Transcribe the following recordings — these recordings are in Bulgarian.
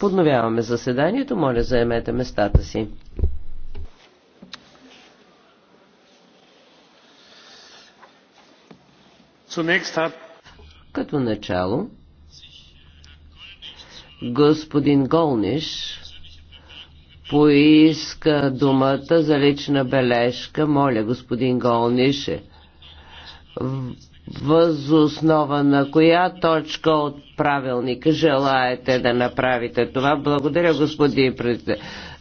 Подновяваме заседанието. Моля, заемете местата си. Като начало, господин Голниш поиска думата за лична бележка. Моля, господин Голнише възоснова на коя точка от правилника желаете да направите това. Благодаря, господин президент.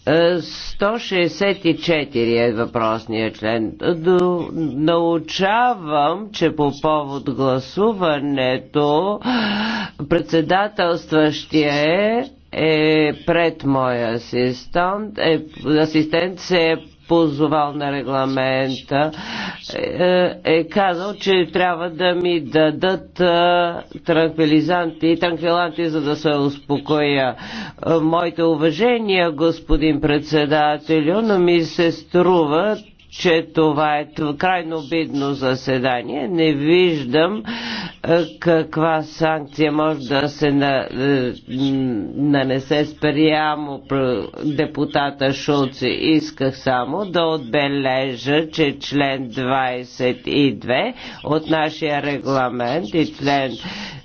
Е, 164 е въпросният член. До, научавам, че по повод гласуването председателстващия е е пред моя асистент, е, асистент се е позовал на регламента, е, е казал, че трябва да ми дадат е, транквилизанти, транквиланти, за да се успокоя. Е, моите уважения, господин председателю, но ми се струват че това е крайно бидно заседание. Не виждам е, каква санкция може да се е, нанесе спрямо депутата Шулци. Исках само да отбележа, че член 22 от нашия регламент и член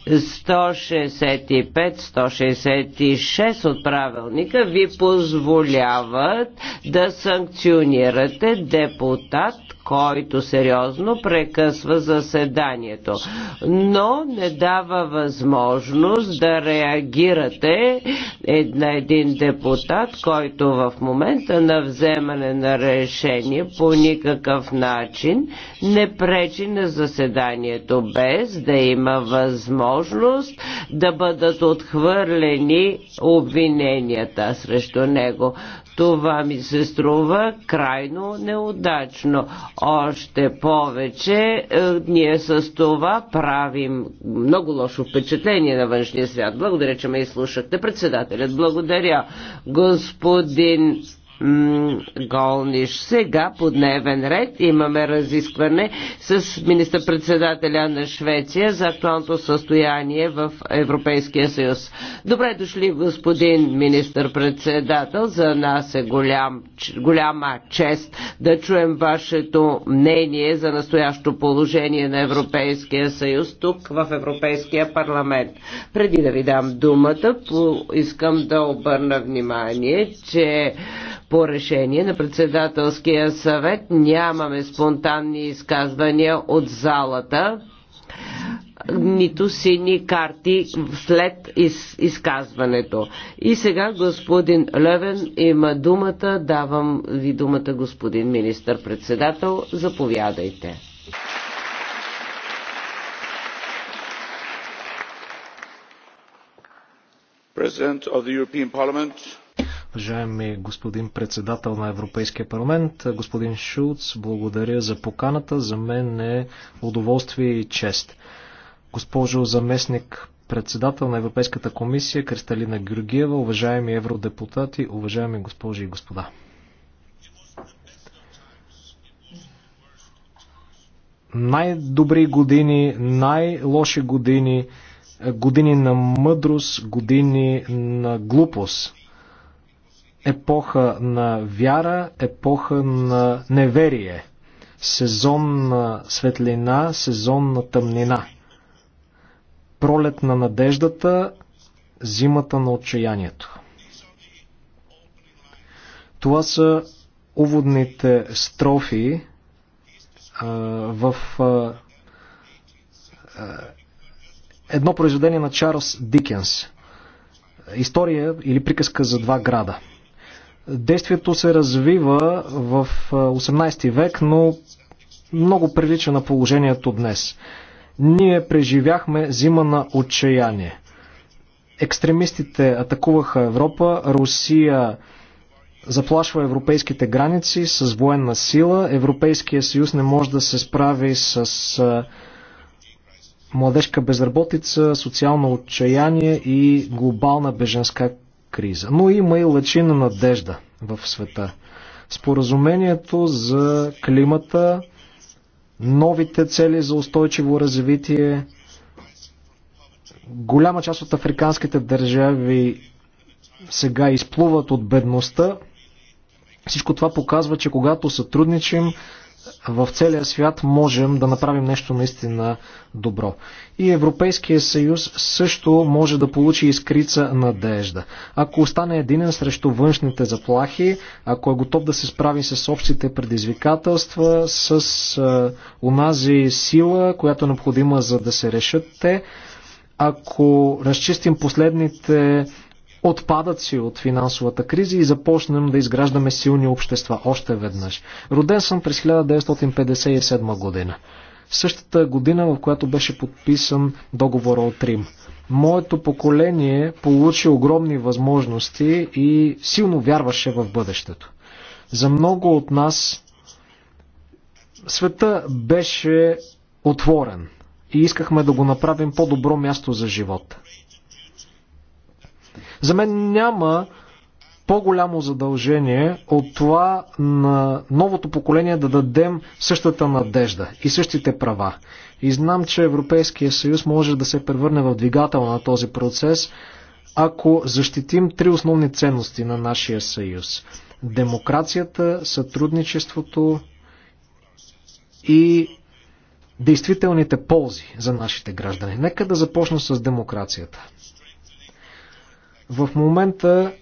165-166 от правилника ви позволяват да санкционирате депутата депутат, който сериозно прекъсва заседанието, но не дава възможност да реагирате на един депутат, който в момента на вземане на решение по никакъв начин не пречи на заседанието, без да има възможност да бъдат отхвърлени обвиненията срещу него. Това ми се струва крайно неудачно. Още повече е, ние с това правим много лошо впечатление на външния свят. Благодаря, че ме изслушахте. Председателят, благодаря. Господин Голниш. Сега по дневен ред имаме разискване с министър-председателя на Швеция за актуалното състояние в Европейския съюз. Добре дошли, господин министър-председател. За нас е голям, голяма чест да чуем вашето мнение за настоящо положение на Европейския съюз тук в Европейския парламент. Преди да ви дам думата, искам да обърна внимание, че по решение решение на председателския съвет. Нямаме спонтанни изказвания от залата, нито сини карти след из, изказването. И сега господин Левен има думата. Давам ви думата, господин министър-председател. Заповядайте. President of the European Parliament, Уважаеми господин председател на Европейския парламент, господин Шулц, благодаря за поканата. За мен е удоволствие и чест. Госпожо заместник председател на Европейската комисия Кристалина Георгиева, уважаеми евродепутати, уважаеми госпожи и господа. Най-добри години, най-лоши години, години на мъдрост, години на глупост епоха на вяра, епоха на неверие, сезон на светлина, сезон на тъмнина, пролет на надеждата, зимата на отчаянието. Това са уводните строфи а, в а, едно произведение на Чарлз Дикенс. История или приказка за два града – Действието се развива в 18 век, но много прилича на положението днес. Ние преживяхме зима на отчаяние. Екстремистите атакуваха Европа, Русия заплашва европейските граници с военна сила, Европейския съюз не може да се справи с младежка безработица, социално отчаяние и глобална беженска криза. Но има и лъчина надежда в света. Споразумението за климата, новите цели за устойчиво развитие, голяма част от африканските държави сега изплуват от бедността. Всичко това показва, че когато сътрудничим, в целия свят можем да направим нещо наистина добро. И Европейския съюз също може да получи изкрица надежда. Ако остане единен срещу външните заплахи, ако е готов да се справи с общите предизвикателства, с е, унази сила, която е необходима за да се решат те, ако разчистим последните отпадъци от финансовата криза и започнем да изграждаме силни общества още веднъж. Роден съм през 1957 година. Същата година, в която беше подписан договора от Рим. Моето поколение получи огромни възможности и силно вярваше в бъдещето. За много от нас света беше отворен и искахме да го направим по-добро място за живота. За мен няма по-голямо задължение от това на новото поколение да дадем същата надежда и същите права. И знам, че Европейския съюз може да се превърне в двигател на този процес, ако защитим три основни ценности на нашия съюз. Демокрацията, сътрудничеството и действителните ползи за нашите граждани. Нека да започна с демокрацията. В момента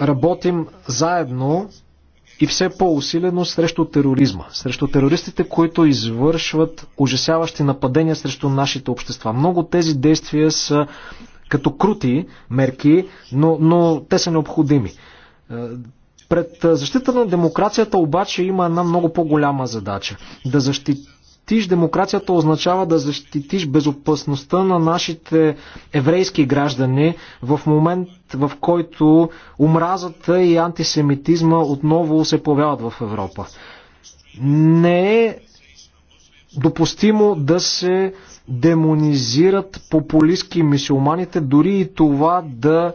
работим заедно и все по-усилено срещу тероризма, срещу терористите, които извършват ужасяващи нападения срещу нашите общества. Много тези действия са като крути мерки, но, но те са необходими. Е, пред защита на демокрацията обаче има една много по-голяма задача. Да защитим защитиш демокрацията означава да защитиш безопасността на нашите еврейски граждани в момент, в който омразата и антисемитизма отново се появяват в Европа. Не е допустимо да се демонизират популистски мисиоманите, дори и това да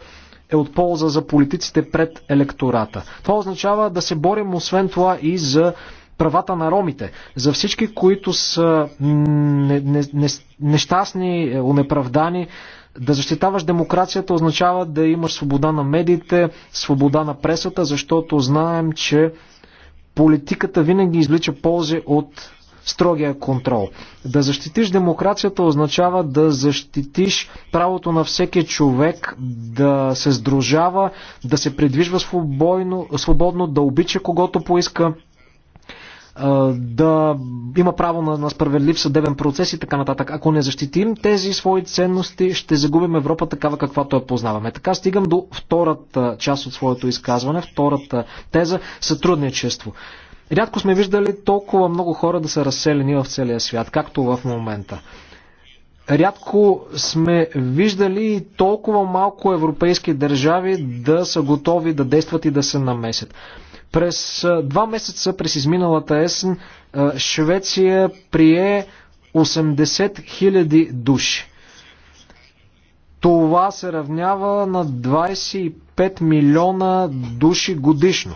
е от полза за политиците пред електората. Това означава да се борим освен това и за правата на ромите, за всички, които са не, не, не, нещастни, унеправдани. Да защитаваш демокрацията означава да имаш свобода на медиите, свобода на пресата, защото знаем, че политиката винаги излича ползи от строгия контрол. Да защитиш демокрацията означава да защитиш правото на всеки човек да се сдружава, да се придвижва свободно, свободно да обича когото поиска, да има право на, на справедлив съдебен процес и така нататък. Ако не защитим тези свои ценности, ще загубим Европа такава, каквато я познаваме. Така стигам до втората част от своето изказване, втората теза сътрудничество. Рядко сме виждали толкова много хора да са разселени в целия свят, както в момента. Рядко сме виждали толкова малко европейски държави да са готови да действат и да се намесят. През два месеца, през изминалата есен, Швеция прие 80 000 души. Това се равнява на 25 милиона души годишно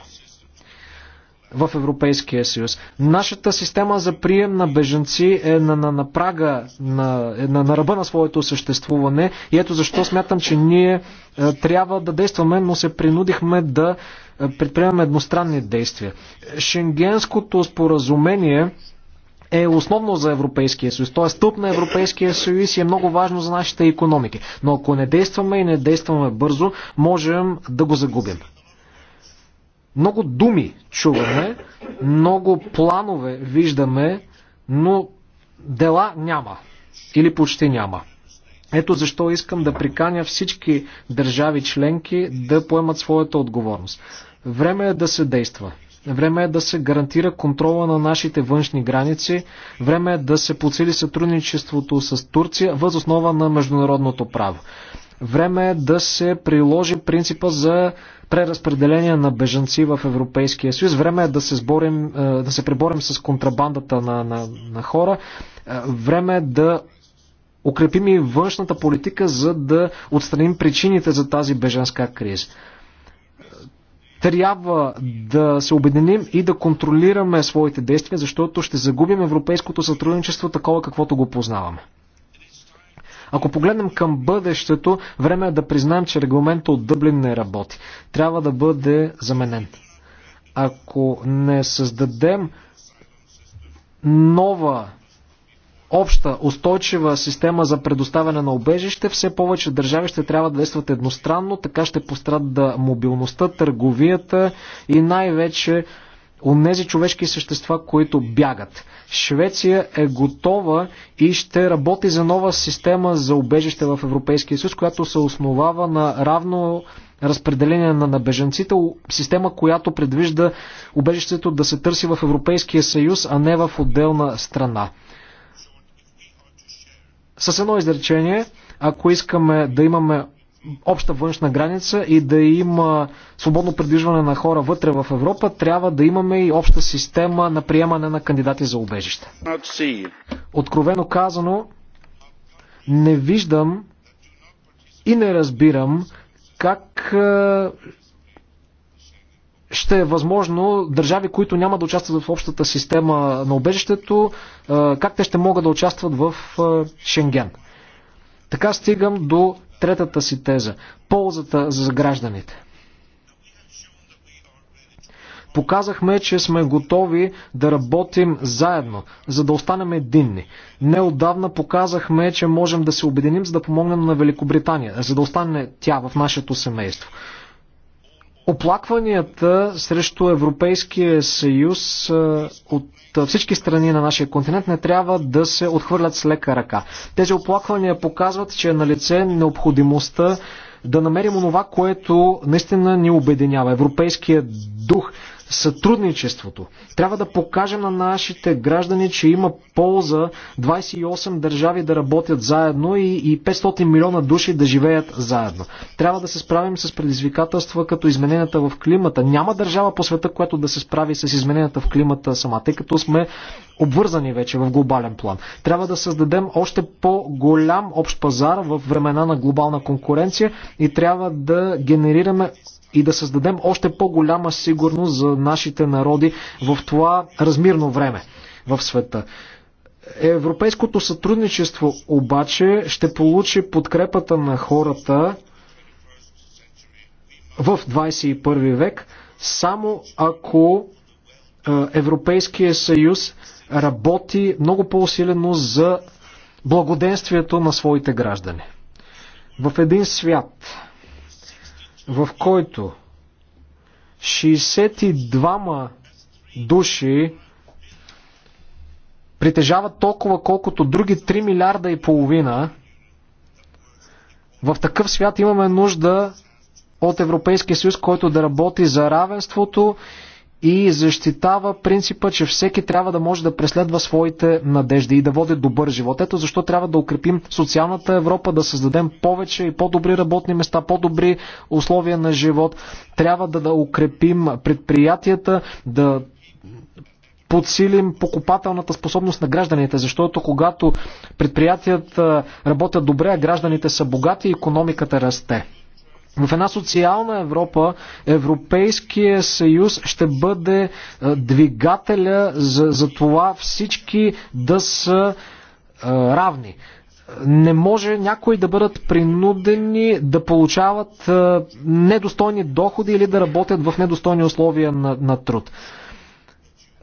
в Европейския съюз. Нашата система за прием на беженци е на, на, на прага, на, е на, на ръба на своето съществуване и ето защо смятам, че ние е, трябва да действаме, но се принудихме да предприемаме едностранни действия. Шенгенското споразумение е основно за Европейския съюз. Той е стълб на Европейския съюз и е много важно за нашите економики. Но ако не действаме и не действаме бързо, можем да го загубим. Много думи чуваме, много планове виждаме, но дела няма. Или почти няма. Ето защо искам да приканя всички държави членки да поемат своята отговорност. Време е да се действа. Време е да се гарантира контрола на нашите външни граници. Време е да се подсили сътрудничеството с Турция въз основа на международното право. Време е да се приложи принципа за преразпределение на бежанци в Европейския съюз. Време е да се, сборим, е, да се преборим с контрабандата на, на, на хора. Е, време е да укрепим и външната политика, за да отстраним причините за тази бежанска криза. Трябва да се обединим и да контролираме своите действия, защото ще загубим европейското сътрудничество такова, каквото го познаваме. Ако погледнем към бъдещето, време е да признаем, че регламента от Дъблин не работи. Трябва да бъде заменен. Ако не създадем нова обща устойчива система за предоставяне на обежище, все повече държави ще трябва да действат едностранно, така ще пострада мобилността, търговията и най-вече онези човешки същества, които бягат. Швеция е готова и ще работи за нова система за обежище в Европейския съюз, която се основава на равно разпределение на, на беженците, система, която предвижда обежището да се търси в Европейския съюз, а не в отделна страна. С едно изречение, ако искаме да имаме обща външна граница и да има свободно придвижване на хора вътре в Европа, трябва да имаме и обща система на приемане на кандидати за убежище. Откровено казано, не виждам и не разбирам как е, ще е възможно държави, които няма да участват в общата система на обежището, как те ще могат да участват в Шенген. Така стигам до третата си теза. Ползата за гражданите. Показахме, че сме готови да работим заедно, за да останем единни. Неодавна показахме, че можем да се обединим, за да помогнем на Великобритания, за да остане тя в нашето семейство. Оплакванията срещу Европейския съюз от всички страни на нашия континент не трябва да се отхвърлят с лека ръка. Тези оплаквания показват, че е на лице необходимостта да намерим онова, което наистина ни обединява. Европейския дух, сътрудничеството. Трябва да покажем на нашите граждани, че има полза 28 държави да работят заедно и, и 500 милиона души да живеят заедно. Трябва да се справим с предизвикателства като измененията в климата. Няма държава по света, която да се справи с измененията в климата сама, тъй като сме обвързани вече в глобален план. Трябва да създадем още по-голям общ пазар в времена на глобална конкуренция и трябва да генерираме и да създадем още по-голяма сигурност за нашите народи в това размирно време в света. Европейското сътрудничество обаче ще получи подкрепата на хората в 21 век, само ако Европейския съюз работи много по-усилено за благоденствието на своите граждани. В един свят, в който 62 души притежават толкова, колкото други 3 милиарда и половина, в такъв свят имаме нужда от Европейския съюз, който да работи за равенството и защитава принципа, че всеки трябва да може да преследва своите надежди и да води добър живот. Ето защо трябва да укрепим социалната Европа, да създадем повече и по-добри работни места, по-добри условия на живот. Трябва да, да укрепим предприятията, да подсилим покупателната способност на гражданите, защото когато предприятията работят добре, а гражданите са богати, економиката расте. В една социална Европа Европейския съюз ще бъде е, двигателя за, за това всички да са а, е, равни. Не може някои да бъдат принудени да получават а, е, недостойни доходи или да работят в недостойни условия на, на труд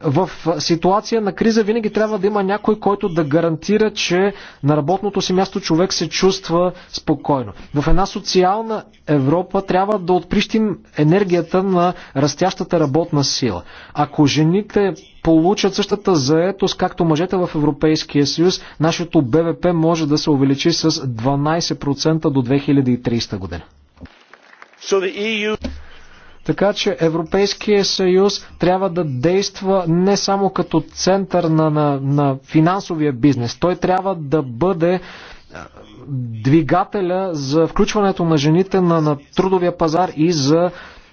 в ситуация на криза винаги трябва да има някой, който да гарантира, че на работното си място човек се чувства спокойно. В една социална Европа трябва да отприщим енергията на растящата работна сила. Ако жените получат същата заетост, както мъжете в Европейския съюз, нашето БВП може да се увеличи с 12% до 2030 година. So e така че Европейския съюз трябва да действа не само като център на, на, на финансовия бизнес. Той трябва да бъде двигателя за включването на жените на, на трудовия пазар и за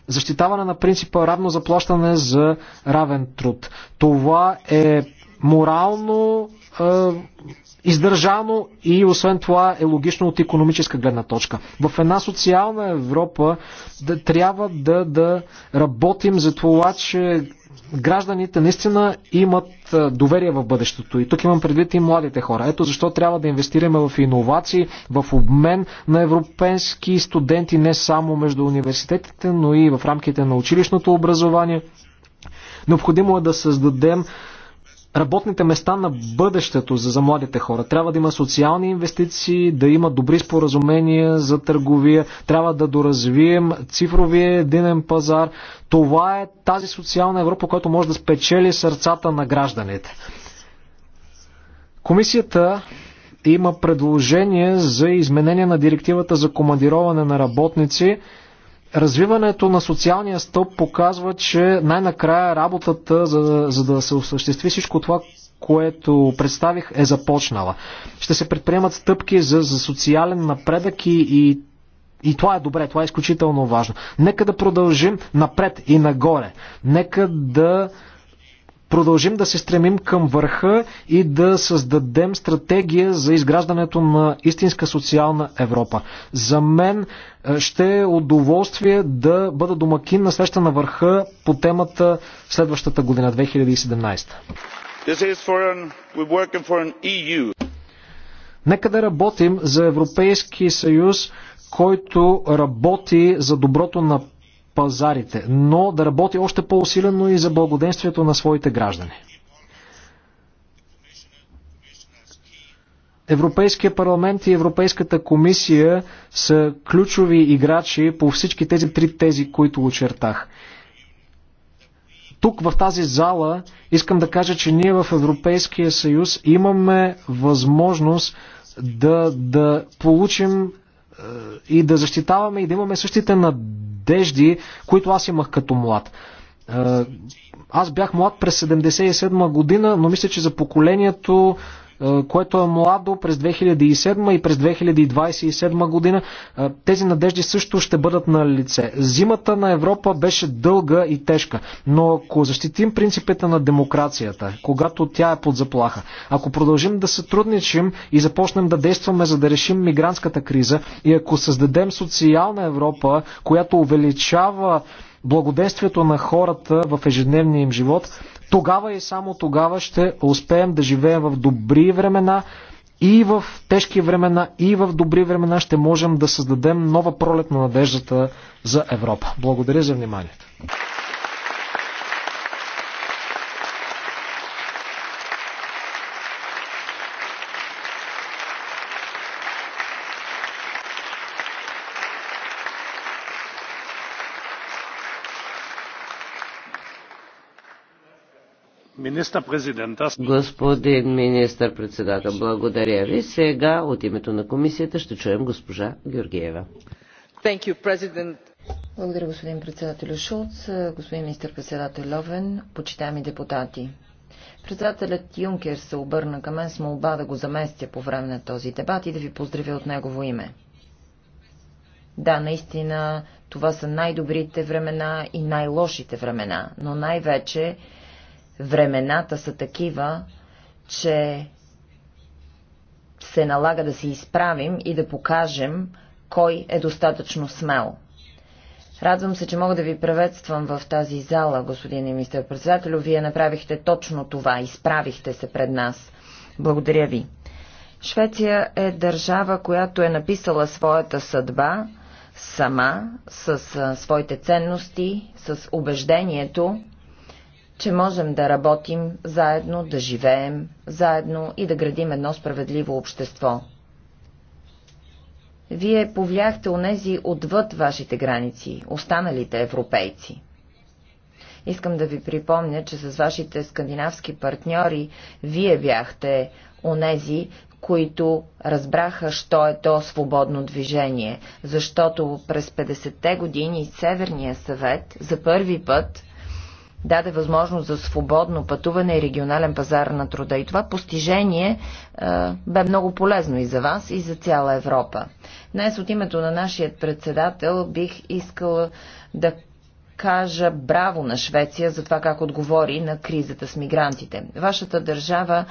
защитаване на принципа равно заплащане за равен труд. Това е морално е, издържано и освен това е логично от економическа гледна точка. В една социална Европа да, трябва да, да работим за това, че гражданите наистина имат доверие в бъдещето. И тук имам предвид и младите хора. Ето защо трябва да инвестираме в иновации, в обмен на европейски студенти, не само между университетите, но и в рамките на училищното образование. Необходимо е да създадем работните места на бъдещето за, за младите хора. Трябва да има социални инвестиции, да има добри споразумения за търговия, трябва да доразвием цифровия единен пазар. Това е тази социална Европа, която може да спечели сърцата на гражданите. Комисията има предложение за изменение на директивата за командироване на работници. Развиването на социалния стълб показва, че най-накрая работата, за, за да се осъществи всичко това, което представих, е започнала. Ще се предприемат стъпки за, за социален напредък и, и, и това е добре, това е изключително важно. Нека да продължим напред и нагоре. Нека да продължим да се стремим към върха и да създадем стратегия за изграждането на истинска социална Европа. За мен е, ще е удоволствие да бъда домакин на среща на върха по темата следващата година, 2017. E Нека да работим за Европейски съюз, който работи за доброто на пазарите, но да работи още по-усилено и за благоденствието на своите граждани. Европейския парламент и Европейската комисия са ключови играчи по всички тези три тези, които очертах. Тук в тази зала искам да кажа, че ние в Европейския съюз имаме възможност да, да получим е, и да защитаваме и да имаме същите надежди, които аз имах като млад. Е, аз бях млад през 77 година, но мисля, че за поколението което е младо през 2007 и през 2027 година. Тези надежди също ще бъдат на лице. Зимата на Европа беше дълга и тежка, но ако защитим принципите на демокрацията, когато тя е под заплаха, ако продължим да сътрудничим и започнем да действаме за да решим мигрантската криза и ако създадем социална Европа, която увеличава благодействието на хората в ежедневния им живот, тогава и само тогава ще успеем да живеем в добри времена и в тежки времена, и в добри времена ще можем да създадем нова пролет на надеждата за Европа. Благодаря за вниманието. Господин министър-председател, благодаря ви. Сега от името на комисията ще чуем госпожа Георгиева. You, благодаря, господин председател Шулц, господин министър-председател Ловен, почитаеми депутати. Председателят Юнкер се обърна към мен с молба да го заместя по време на този дебат и да ви поздравя от негово име. Да, наистина, това са най-добрите времена и най-лошите времена, но най-вече времената са такива, че се налага да се изправим и да покажем кой е достатъчно смел. Радвам се, че мога да ви приветствам в тази зала, господин министър председател Вие направихте точно това. Изправихте се пред нас. Благодаря ви. Швеция е държава, която е написала своята съдба сама, с своите ценности, с убеждението, че можем да работим заедно, да живеем заедно и да градим едно справедливо общество. Вие повлияхте онези отвъд вашите граници, останалите европейци. Искам да ви припомня, че с вашите скандинавски партньори вие бяхте онези, които разбраха, що е то свободно движение, защото през 50-те години Северния съвет за първи път даде възможност за свободно пътуване и регионален пазар на труда. И това постижение е, бе много полезно и за вас, и за цяла Европа. Днес от името на нашия председател бих искала да кажа браво на Швеция за това как отговори на кризата с мигрантите. Вашата държава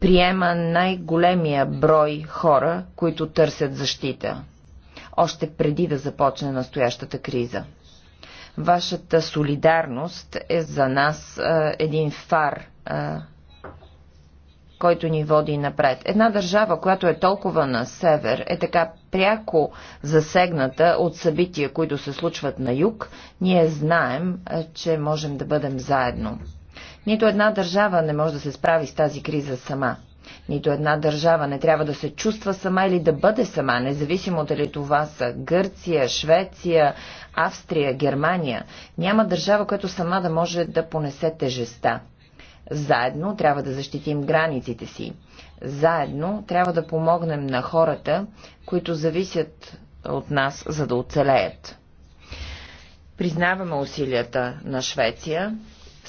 приема най-големия брой хора, които търсят защита, още преди да започне настоящата криза. Вашата солидарност е за нас а, един фар, а, който ни води напред. Една държава, която е толкова на север, е така пряко засегната от събития, които се случват на юг. Ние знаем, а, че можем да бъдем заедно. Нито една държава не може да се справи с тази криза сама. Нито една държава не трябва да се чувства сама или да бъде сама, независимо дали това са Гърция, Швеция, Австрия, Германия. Няма държава, която сама да може да понесе тежеста. Заедно трябва да защитим границите си. Заедно трябва да помогнем на хората, които зависят от нас, за да оцелеят. Признаваме усилията на Швеция,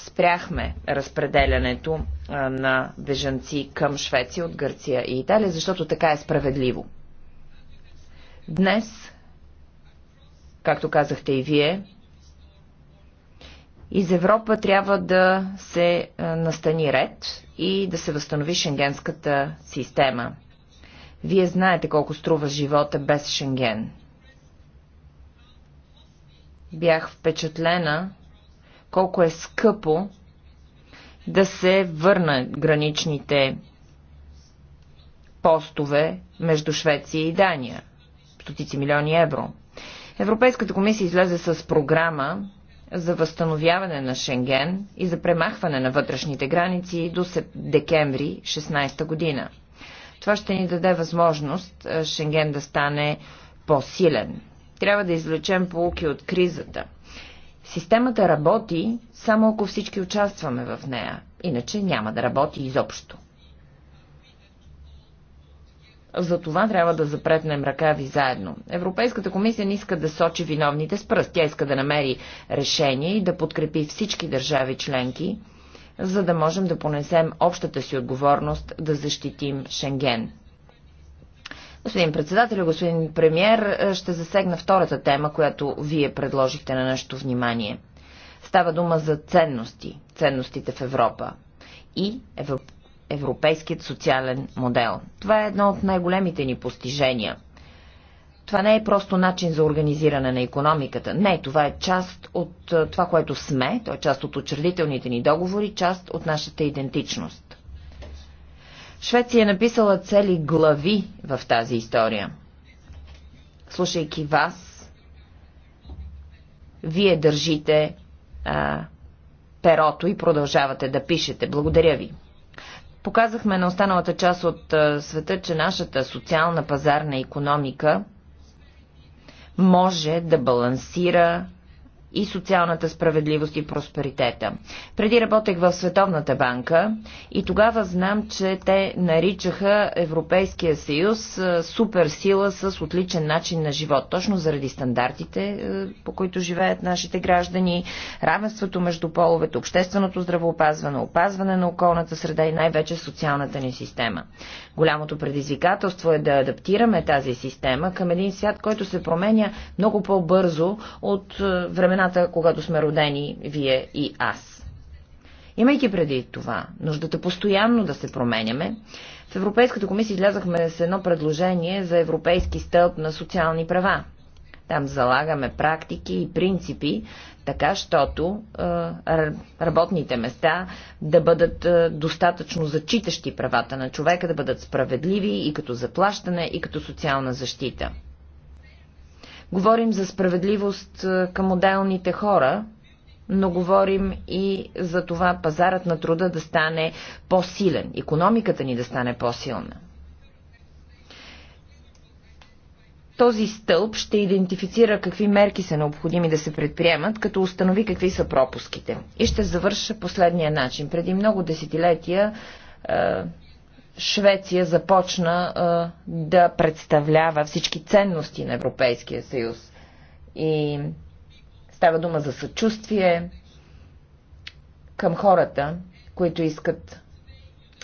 спряхме разпределянето на бежанци към Швеция от Гърция и Италия, защото така е справедливо. Днес, както казахте и вие, из Европа трябва да се настани ред и да се възстанови шенгенската система. Вие знаете колко струва живота без Шенген. Бях впечатлена колко е скъпо да се върнат граничните постове между Швеция и Дания. Стотици милиони евро. Европейската комисия излезе с програма за възстановяване на Шенген и за премахване на вътрешните граници до декември 16 година. Това ще ни даде възможност Шенген да стане по-силен. Трябва да извлечем полуки от кризата Системата работи само ако всички участваме в нея, иначе няма да работи изобщо. За това трябва да запретнем ръкави заедно. Европейската комисия не иска да сочи виновните с пръст. Тя иска да намери решение и да подкрепи всички държави членки, за да можем да понесем общата си отговорност да защитим Шенген. Господин председател, господин премьер, е, ще засегна втората тема, която вие предложихте на нашето внимание. Става дума за ценности, ценностите в Европа и европейският социален модел. Това е едно от най-големите ни постижения. Това не е просто начин за организиране на економиката. Не, това е част от е, това, което сме, това е част от учредителните ни договори, част от нашата идентичност. Швеция е написала цели глави в тази история. Слушайки вас, вие държите а, перото и продължавате да пишете. Благодаря ви. Показахме на останалата част от света, че нашата социална пазарна економика може да балансира и социалната справедливост и просперитета. Преди работех в Световната банка и тогава знам, че те наричаха Европейския съюз суперсила с отличен начин на живот, точно заради стандартите, по които живеят нашите граждани, равенството между половете, общественото здравеопазване, опазване на околната среда и най-вече социалната ни система. Голямото предизвикателство е да адаптираме тази система към един свят, който се променя много по-бързо от времена страната, когато сме родени вие и аз. Имайки преди това нуждата постоянно да се променяме, в Европейската комисия излязахме с едно предложение за европейски стълб на социални права. Там залагаме практики и принципи, така, щото е, работните места да бъдат е, достатъчно зачитащи правата на човека, да бъдат справедливи и като заплащане, и като социална защита. Говорим за справедливост е, към отделните хора, но говорим и за това пазарът на труда да стане по-силен, економиката ни да стане по-силна. Този стълб ще идентифицира какви мерки са необходими да се предприемат, като установи какви са пропуските. И ще завърша последния начин. Преди много десетилетия е, Швеция започна а, да представлява всички ценности на Европейския съюз. И става дума за съчувствие към хората, които искат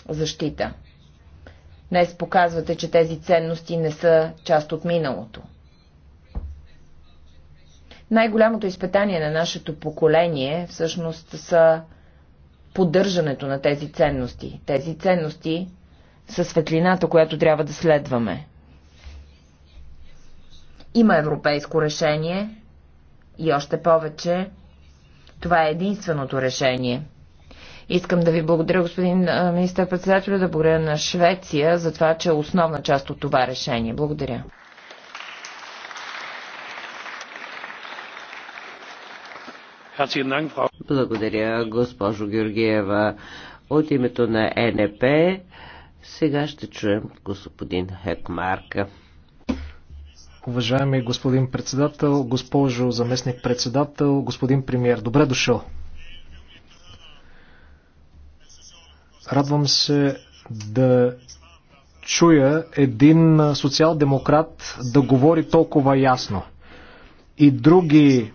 защита. Днес показвате, че тези ценности не са част от миналото. Най-голямото изпитание на нашето поколение всъщност са поддържането на тези ценности. Тези ценности със светлината, която трябва да следваме. Има европейско решение и още повече. Това е единственото решение. Искам да ви благодаря, господин министър-председател, да благодаря на Швеция за това, че е основна част от това решение. Благодаря. Благодаря, госпожо Георгиева. От името на НП сега ще чуем господин Хекмарка. Уважаеми господин председател, госпожо заместник председател, господин премьер, добре дошъл. Радвам се да чуя един социал-демократ да говори толкова ясно. И други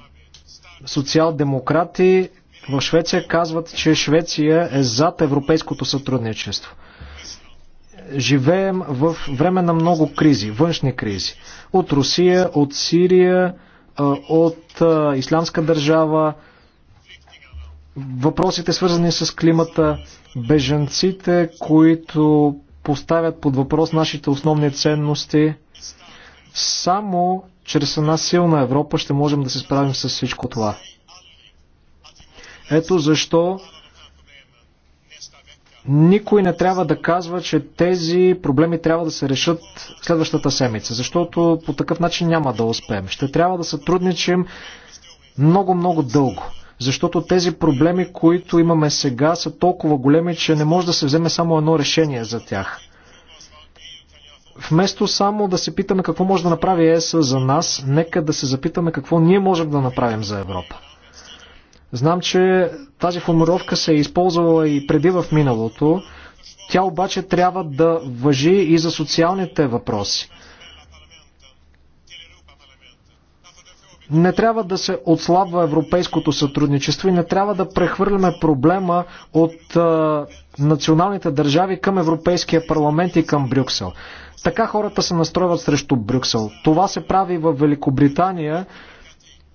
социал-демократи в Швеция казват, че Швеция е зад европейското сътрудничество живеем в време на много кризи, външни кризи. От Русия, от Сирия, от исламска държава, въпросите свързани с климата, беженците, които поставят под въпрос нашите основни ценности. Само чрез една силна Европа ще можем да се справим с всичко това. Ето защо никой не трябва да казва, че тези проблеми трябва да се решат следващата седмица, защото по такъв начин няма да успеем. Ще трябва да сътрудничим много-много дълго защото тези проблеми, които имаме сега, са толкова големи, че не може да се вземе само едно решение за тях. Вместо само да се питаме какво може да направи ЕС за нас, нека да се запитаме какво ние можем да направим за Европа. Знам, че тази формировка се е използвала и преди в миналото. Тя обаче трябва да въжи и за социалните въпроси. Не трябва да се отслабва европейското сътрудничество и не трябва да прехвърляме проблема от а, националните държави към Европейския парламент и към Брюксел. Така хората се настройват срещу Брюксел. Това се прави в Великобритания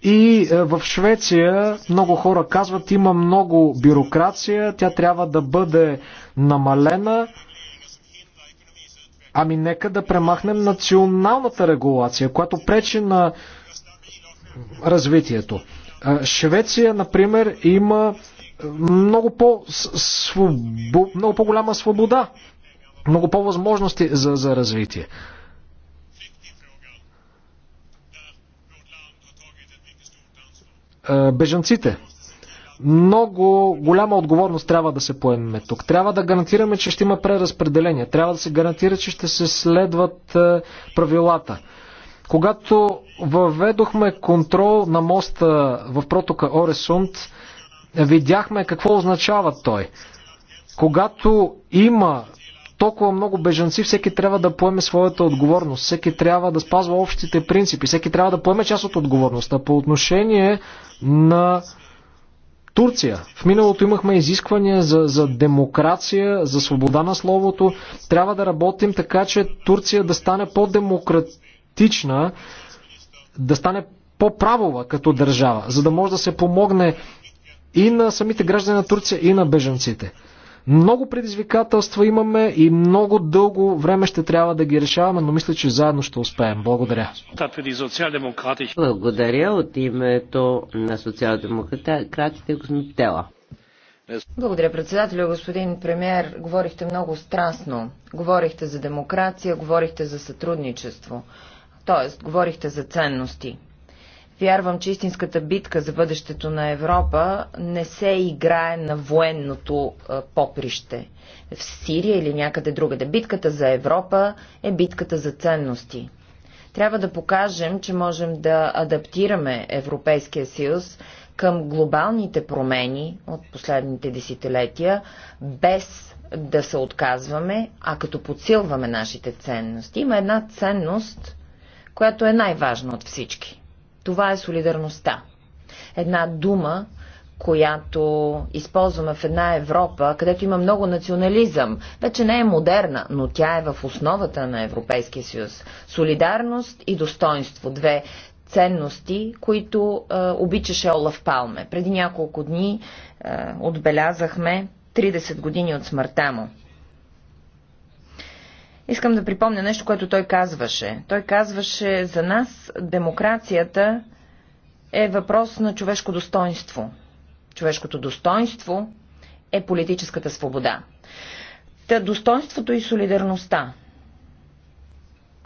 и е, в Швеция много хора казват, има много бюрокрация, тя трябва да бъде намалена. Ами нека да премахнем националната регулация, която пречи на развитието. Е, Швеция, например, има много, по -свобо... много по-голяма свобода, много по-възможности за, за развитие. бежанците. Много голяма отговорност трябва да се поемеме тук. Трябва да гарантираме, че ще има преразпределение. Трябва да се гарантира, че ще се следват правилата. Когато въведохме контрол на моста в протока Оресунд, видяхме какво означава той. Когато има толкова много бежанци, всеки трябва да поеме своята отговорност, всеки трябва да спазва общите принципи, всеки трябва да поеме част от отговорността. По отношение на Турция. В миналото имахме изисквания за, за демокрация, за свобода на словото. Трябва да работим така, че Турция да стане по-демократична, да стане по-правова като държава, за да може да се помогне и на самите граждани на Турция, и на беженците. Много предизвикателства имаме и много дълго време ще трябва да ги решаваме, но мисля, че заедно ще успеем. Благодаря. Благодаря от името на социал-демократите, господин Тела. Благодаря, председателю. Господин премьер, говорихте много страстно. Говорихте за демокрация, говорихте за сътрудничество. Тоест, говорихте за ценности. Вярвам, че истинската битка за бъдещето на Европа не се играе на военното поприще в Сирия или някъде другаде. Битката за Европа е битката за ценности. Трябва да покажем, че можем да адаптираме Европейския съюз към глобалните промени от последните десетилетия, без да се отказваме, а като подсилваме нашите ценности. Има една ценност, която е най-важна от всички – това е солидарността. Една дума, която използваме в една Европа, където има много национализъм. Вече не е модерна, но тя е в основата на Европейския съюз. Солидарност и достоинство. Две ценности, които е, обичаше Олаф Палме. Преди няколко дни е, отбелязахме 30 години от смъртта му. Искам да припомня нещо, което той казваше. Той казваше, за нас демокрацията е въпрос на човешко достоинство. Човешкото достоинство е политическата свобода. Та достоинството и солидарността.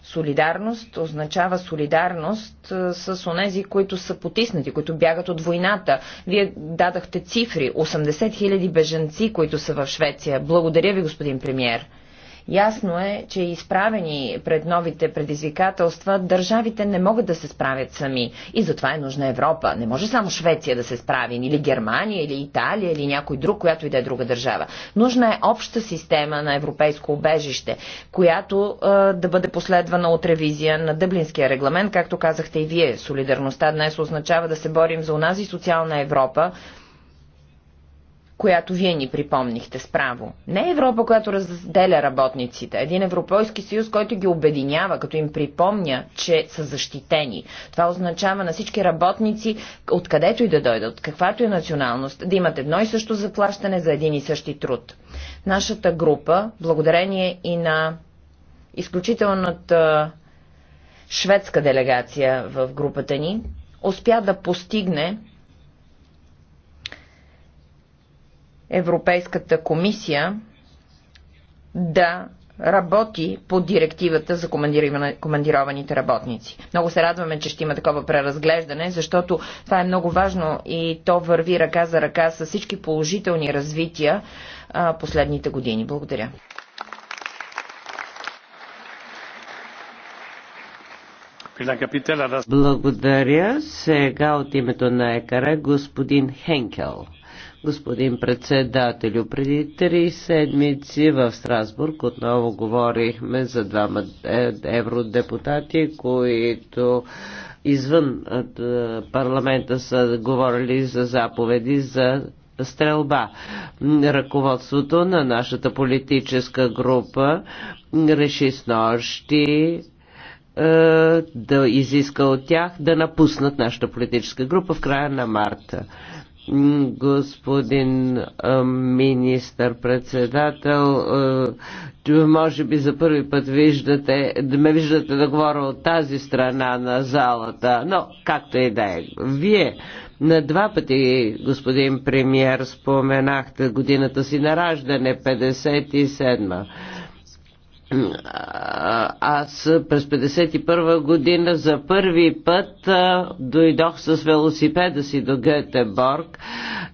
Солидарност означава солидарност с онези, които са потиснати, които бягат от войната. Вие дадахте цифри. 80 000 беженци, които са в Швеция. Благодаря ви, господин премьер. Ясно е, че изправени пред новите предизвикателства, държавите не могат да се справят сами. И затова е нужна Европа. Не може само Швеция да се справи, или Германия, или Италия, или някой друг, която и да е друга държава. Нужна е обща система на европейско убежище, която е, да бъде последвана от ревизия на Дъблинския регламент, както казахте и вие. Солидарността днес означава да се борим за унази социална Европа, която вие ни припомнихте справо. Не Европа, която разделя работниците, един Европейски съюз, който ги обединява, като им припомня, че са защитени. Това означава на всички работници, откъдето и да дойдат, каквато и е националност, да имат едно и също заплащане за един и същи труд. Нашата група, благодарение и на изключителната шведска делегация в групата ни, успя да постигне Европейската комисия да работи по директивата за командированите работници. Много се радваме, че ще има такова преразглеждане, защото това е много важно и то върви ръка за ръка с всички положителни развития а, последните години. Благодаря. Благодаря. Сега от името на екара господин Хенкел. Господин председателю, преди три седмици в Страсбург отново говорихме за двама е, евродепутати, които извън е, парламента са говорили за заповеди за стрелба. Ръководството на нашата политическа група реши с нощи е, да изиска от тях да напуснат нашата политическа група в края на марта господин министър-председател. Може би за първи път виждате, да ме виждате да говоря от тази страна на залата, но както и да е. Вие на два пъти, господин премьер, споменахте годината си на раждане, 57 аз през 51 година за първи път а, дойдох с велосипеда си до Гетеборг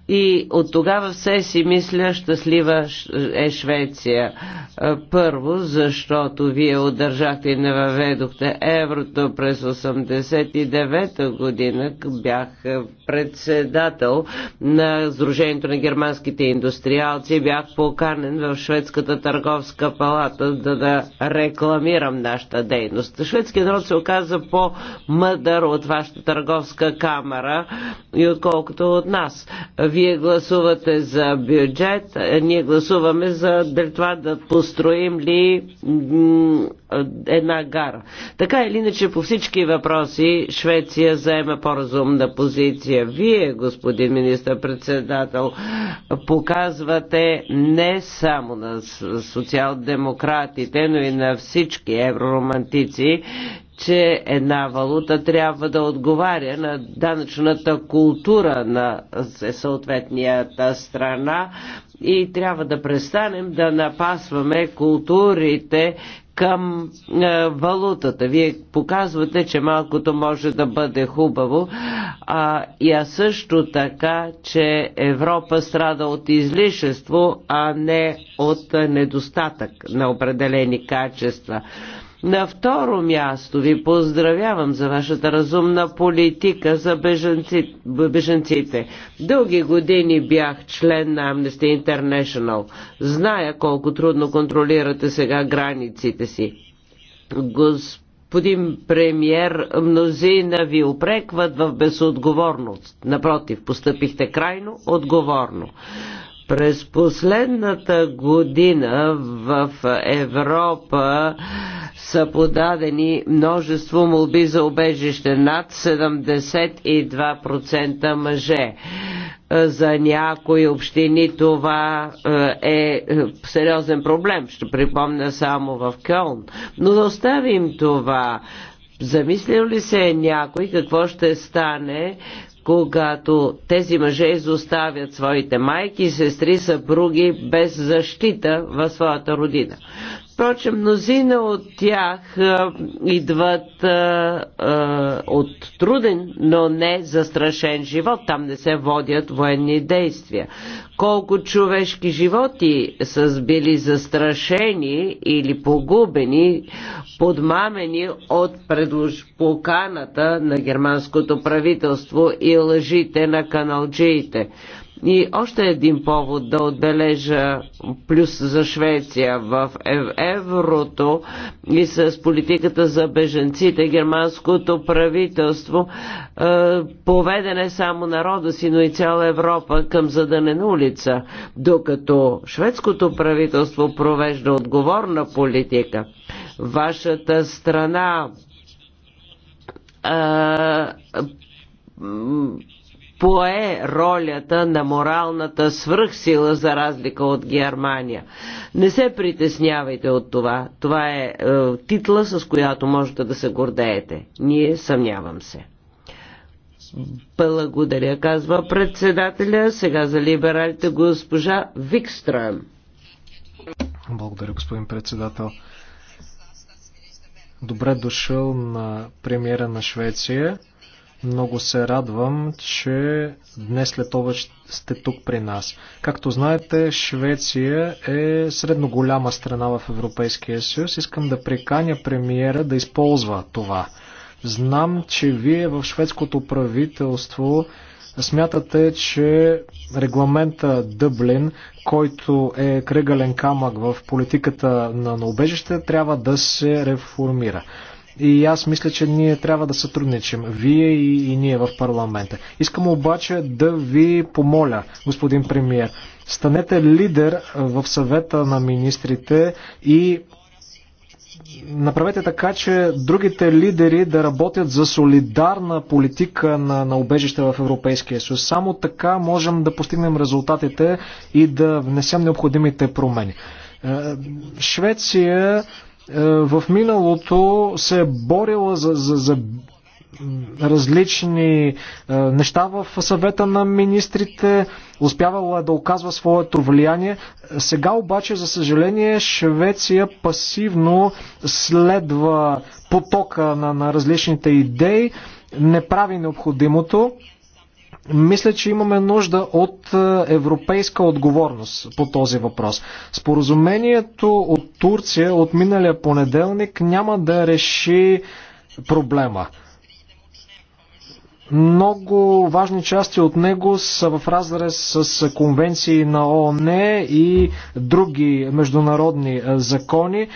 и от тогава все си мисля щастлива е Швеция. Първо, защото вие удържахте и не въведохте еврото през 89-та година. Бях председател на Сдружението на германските индустриалци. Бях поканен в Шведската търговска палата да да рекламирам нашата дейност. Шведският народ се оказа по-мъдър от вашата търговска камера и отколкото от нас. Вие гласувате за бюджет, ние гласуваме за дали това да построим ли една гара. Така или иначе по всички въпроси Швеция заема по-разумна позиция. Вие, господин министър-председател, показвате не само на социал-демократите, защитено и на всички евроромантици, че една валута трябва да отговаря на данъчната култура на съответнията страна и трябва да престанем да напасваме културите към е, валутата. Вие показвате, че малкото може да бъде хубаво, а а също така, че Европа страда от излишество, а не от недостатък на определени качества. На второ място ви поздравявам за вашата разумна политика за беженци, беженците. Дълги години бях член на Amnesty International. Зная колко трудно контролирате сега границите си. Господин премьер, мнозина ви упрекват в безотговорност. Напротив, постъпихте крайно отговорно. През последната година в Европа са подадени множество молби за обежище над 72% мъже. За някои общини това е, е сериозен проблем. Ще припомня само в Кълн. Но да оставим това. Замислил ли се някой какво ще стане, когато тези мъже изоставят своите майки, сестри, съпруги без защита в своята родина. Впрочем, мнозина от тях идват а, а, от труден, но не застрашен живот. Там не се водят военни действия. Колко човешки животи са били застрашени или погубени, подмамени от предлож... поканата на германското правителство и лъжите на каналджиите. И още един повод да отбележа плюс за Швеция в еврото и с политиката за беженците. Германското правителство е, поведе не само народа си, но и цяла Европа към задънена улица, докато шведското правителство провежда отговорна политика. Вашата страна е, пое ролята на моралната свръхсила за разлика от Германия. Не се притеснявайте от това. Това е, е титла, с която можете да се гордеете. Ние съмнявам се. Благодаря, казва председателя. Сега за либералите госпожа Викстрам. Благодаря, господин председател. Добре дошъл на премиера на Швеция. Много се радвам, че днес след това сте тук при нас. Както знаете, Швеция е средно голяма страна в Европейския съюз. Искам да приканя премиера да използва това. Знам, че вие в шведското правителство смятате, че регламента Дъблин, който е кръгален камък в политиката на наубежище, трябва да се реформира и аз мисля, че ние трябва да сътрудничим. Вие и, и ние в парламента. Искам обаче да ви помоля, господин премиер, станете лидер в съвета на министрите и направете така, че другите лидери да работят за солидарна политика на, на убежище в Европейския съюз. Само така можем да постигнем резултатите и да внесем необходимите промени. Е, Швеция е, в миналото се е борила за, за, за различни е, неща в съвета на министрите, успявала е да оказва своето влияние. Сега обаче, за съжаление, Швеция пасивно следва потока на, на различните идеи, не прави необходимото. Мисля, че имаме нужда от е, европейска отговорност по този въпрос. Споразумението от Турция от миналия понеделник няма да реши проблема. Много важни части от него са в разрез с конвенции на ООН и други международни е, закони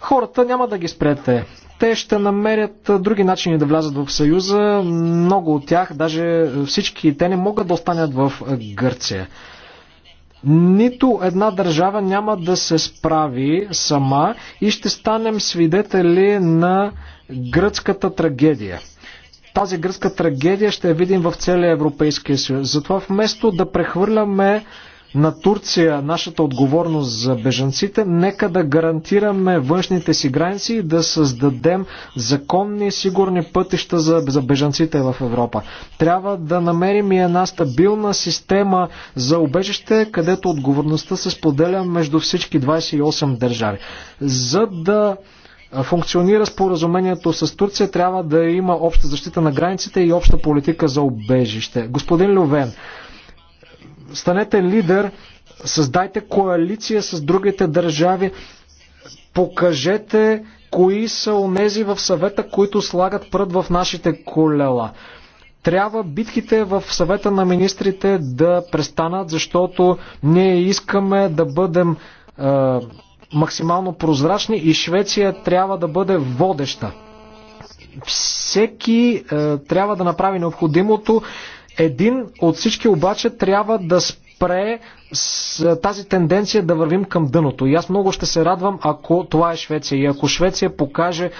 хората няма да ги спрете. Те ще намерят други начини да влязат в Съюза. Много от тях, даже всички, те не могат да останат в Гърция. Нито една държава няма да се справи сама и ще станем свидетели на гръцката трагедия. Тази гръцка трагедия ще я видим в целия Европейския съюз. Затова вместо да прехвърляме на Турция нашата отговорност за бежанците, нека да гарантираме външните си граници и да създадем законни и сигурни пътища за, за бежанците в Европа. Трябва да намерим и една стабилна система за убежище, където отговорността се споделя между всички 28 държави. За да функционира споразумението с Турция, трябва да има обща защита на границите и обща политика за убежище. Господин Лювен, станете лидер, създайте коалиция с другите държави, покажете кои са онези в съвета, които слагат прът в нашите колела. Трябва битките в съвета на министрите да престанат, защото ние искаме да бъдем е, максимално прозрачни и Швеция трябва да бъде водеща. Всеки е, трябва да направи необходимото един от всички обаче трябва да спре с тази тенденция да вървим към дъното. И аз много ще се радвам, ако това е Швеция и ако Швеция покаже е,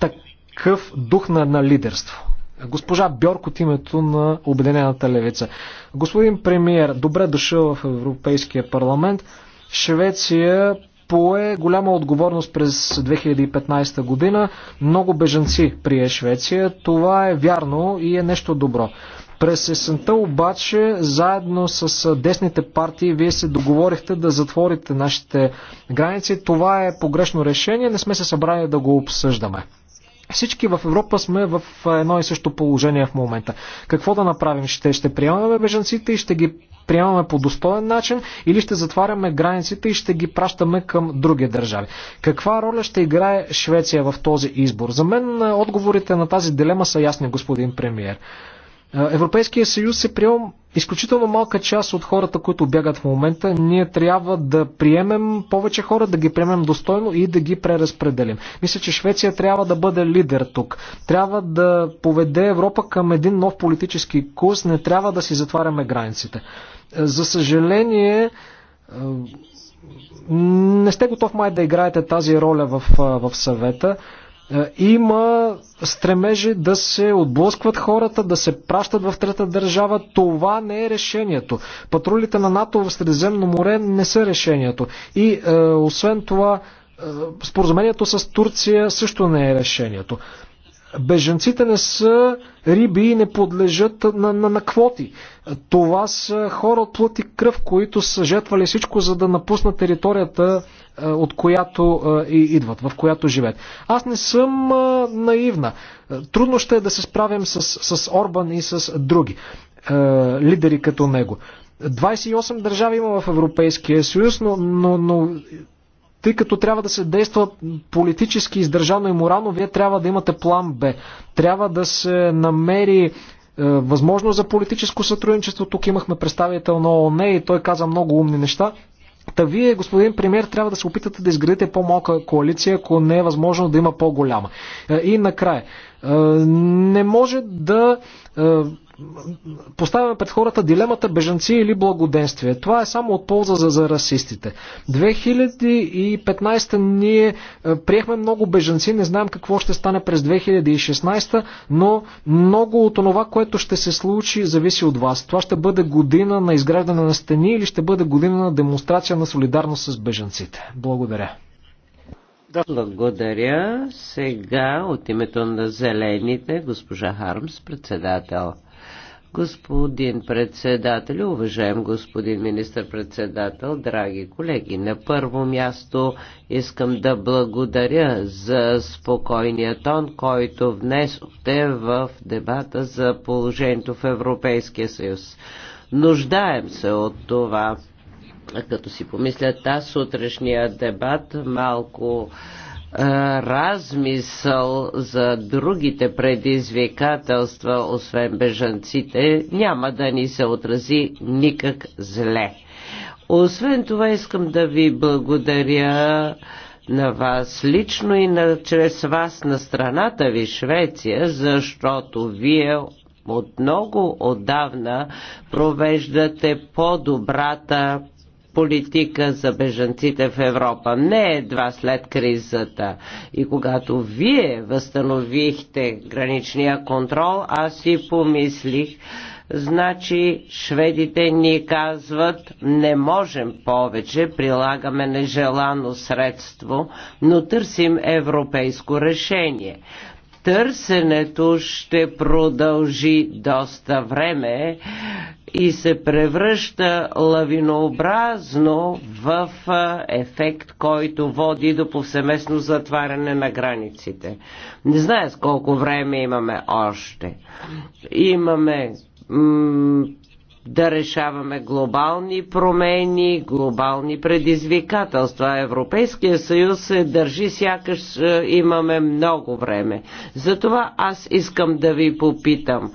такъв дух на, на лидерство. Госпожа Бьорк от името на Обединената левица. Господин премиер, добре дошъл в Европейския парламент. Швеция пое голяма отговорност през 2015 година. Много бежанци прие Швеция. Това е вярно и е нещо добро. През есента обаче, заедно с десните партии, вие се договорихте да затворите нашите граници. Това е погрешно решение, не сме се събрали да го обсъждаме. Всички в Европа сме в едно и също положение в момента. Какво да направим? Ще, ще приемаме бежанците и ще ги приемаме по достоен начин или ще затваряме границите и ще ги пращаме към други държави. Каква роля ще играе Швеция в този избор? За мен отговорите на тази дилема са ясни, господин премиер. Европейския съюз се приел изключително малка част от хората, които бягат в момента. Ние трябва да приемем повече хора, да ги приемем достойно и да ги преразпределим. Мисля, че Швеция трябва да бъде лидер тук. Трябва да поведе Европа към един нов политически курс. Не трябва да си затваряме границите. За съжаление, не сте готов май да играете тази роля в, в съвета. Е, има стремежи да се отблъскват хората, да се пращат в трета държава. Това не е решението. Патрулите на НАТО в Средиземно море не са решението. И е, освен това, е, споразумението с Турция също не е решението. Беженците не са риби и не подлежат на, на, на квоти. Това са хора от плът и кръв, които са жетвали всичко, за да напуснат територията е, от която е, идват, в която живеят. Аз не съм е, наивна. Трудно ще е да се справим с, с Орбан и с други лидери като него. 28 държави има в Европейския съюз, но, но, но тъй като трябва да се действа политически, издържано и морално, вие трябва да имате план Б. Трябва да се намери е, възможност за политическо сътрудничество. Тук имахме представител на ООН и той каза много умни неща. Та вие, господин премьер, трябва да се опитате да изградите по-малка коалиция, ако не е възможно да има по-голяма. Е, и накрая, е, не може да е, поставяме пред хората дилемата бежанци или благоденствие. Това е само от полза за, за расистите. 2015 ние е, приехме много бежанци, не знаем какво ще стане през 2016, но много от това, което ще се случи, зависи от вас. Това ще бъде година на изграждане на стени или ще бъде година на демонстрация на солидарност с бежанците. Благодаря. Благодаря. Сега от името на Зелените, госпожа Хармс, председател. Господин председател, уважаем господин министр-председател, драги колеги, на първо място искам да благодаря за спокойния тон, който внесохте в дебата за положението в Европейския съюз. Нуждаем се от това. Като си помисля, тази сутрешния дебат малко размисъл за другите предизвикателства, освен бежанците, няма да ни се отрази никак зле. Освен това искам да ви благодаря на вас лично и на, чрез вас на страната ви Швеция, защото вие от много отдавна провеждате по-добрата политика за бежанците в Европа. Не едва след кризата. И когато вие възстановихте граничния контрол, аз си помислих, значи шведите ни казват не можем повече, прилагаме нежелано средство, но търсим европейско решение. Търсенето ще продължи доста време и се превръща лавинообразно в ефект, който води до повсеместно затваряне на границите. Не знае с колко време имаме още. Имаме да решаваме глобални промени, глобални предизвикателства. Европейския съюз се държи сякаш имаме много време. Затова аз искам да ви попитам.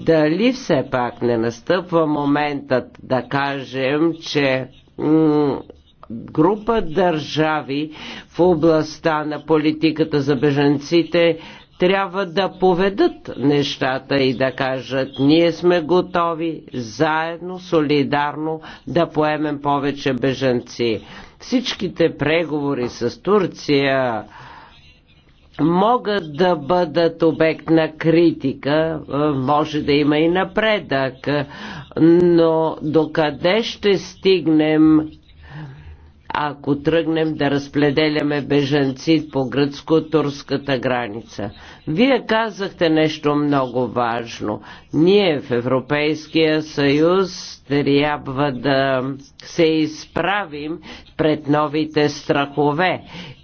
Дали все пак не настъпва моментът да кажем, че група държави в областта на политиката за беженците трябва да поведат нещата и да кажат, ние сме готови заедно, солидарно да поемем повече беженци. Всичките преговори с Турция, могат да бъдат обект на критика, може да има и напредък, но докъде ще стигнем ако тръгнем да разпределяме бежанци по гръцко-турската граница. Вие казахте нещо много важно. Ние в Европейския съюз трябва да се изправим пред новите страхове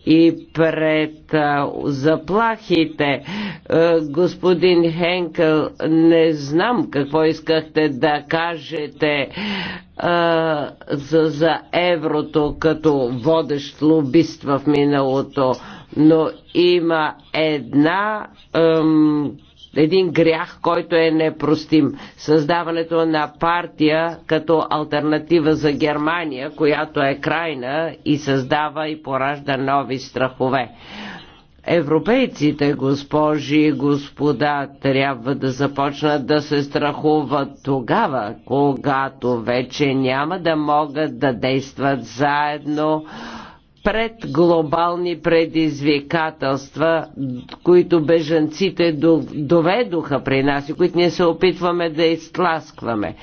и пред а, заплахите. А, е, господин Хенкъл, не знам какво искахте да кажете а, е, за, за еврото като водещ лобист в миналото, но има една ем, един грях, който е непростим. Създаването на партия като альтернатива за Германия, която е крайна и създава и поражда нови страхове. Европейците, госпожи и господа, трябва да започнат да се страхуват тогава, когато вече няма да могат да действат заедно пред глобални предизвикателства, които бежанците доведоха при нас и които ние се опитваме да изтласкваме.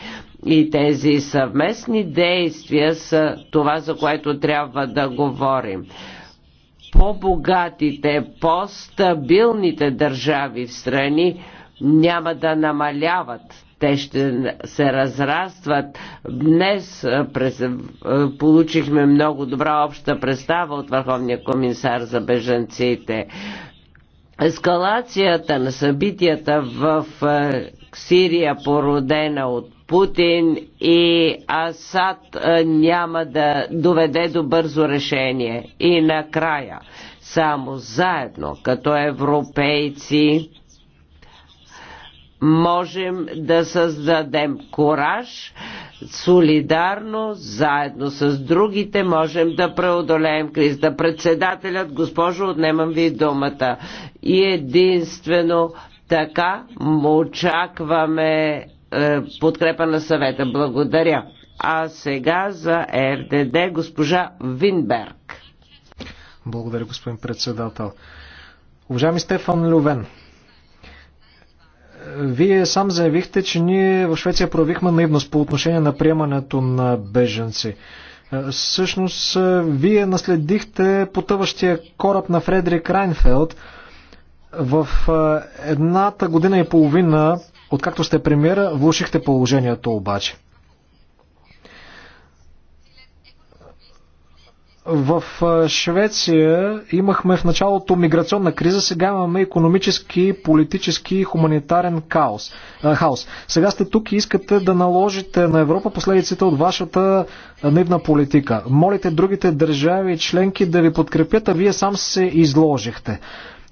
И тези съвместни действия са това, за което трябва да говорим по-богатите, по-стабилните държави в страни няма да намаляват те ще се разрастват. Днес през, получихме много добра обща представа от Върховния комисар за бежанците. Ескалацията на събитията в Сирия, породена от Путин и Асад няма да доведе до бързо решение. И накрая, само заедно, като европейци, можем да създадем кораж, солидарно, заедно с другите можем да преодолеем кризата. Председателят, госпожо, отнемам ви думата. И единствено така му очакваме е, подкрепа на съвета. Благодаря. А сега за РДД госпожа Винберг. Благодаря, господин председател. Уважаеми Стефан Лювен, вие сам заявихте, че ние в Швеция проявихме наивност по отношение на приемането на беженци. Всъщност, вие наследихте потъващия кораб на Фредрик Райнфелд. В едната година и половина, откакто сте премиера, влушихте положението обаче. В Швеция имахме в началото миграционна криза, сега имаме економически, политически и хуманитарен хаос. хаос. Сега сте тук и искате да наложите на Европа последиците от вашата нивна политика. Молите другите държави и членки да ви подкрепят, а вие сам се изложихте.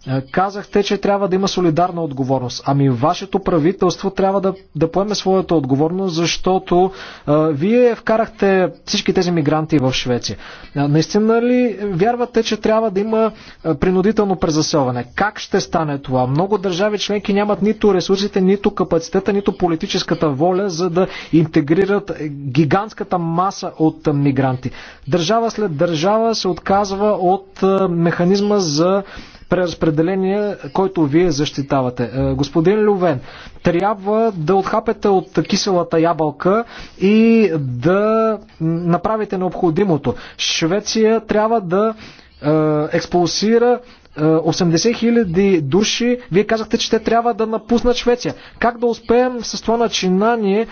Е, казахте, че трябва да има солидарна отговорност. Ами вашето правителство трябва да, да поеме своята отговорност, защото а, е, вие вкарахте всички тези мигранти в Швеция. А, е, наистина ли вярвате, че трябва да има а, принудително презаселване? Как ще стане това? Много държави членки нямат нито ресурсите, нито капацитета, нито политическата воля, за да интегрират гигантската маса от а, мигранти. Държава след държава се отказва от а, механизма за преразпределение, който вие защитавате. Е, господин Лювен, трябва да отхапете от киселата ябълка и да направите необходимото. Швеция трябва да е, експулсира 80 е, хиляди души, вие казахте, че те трябва да напуснат Швеция. Как да успеем с това начинание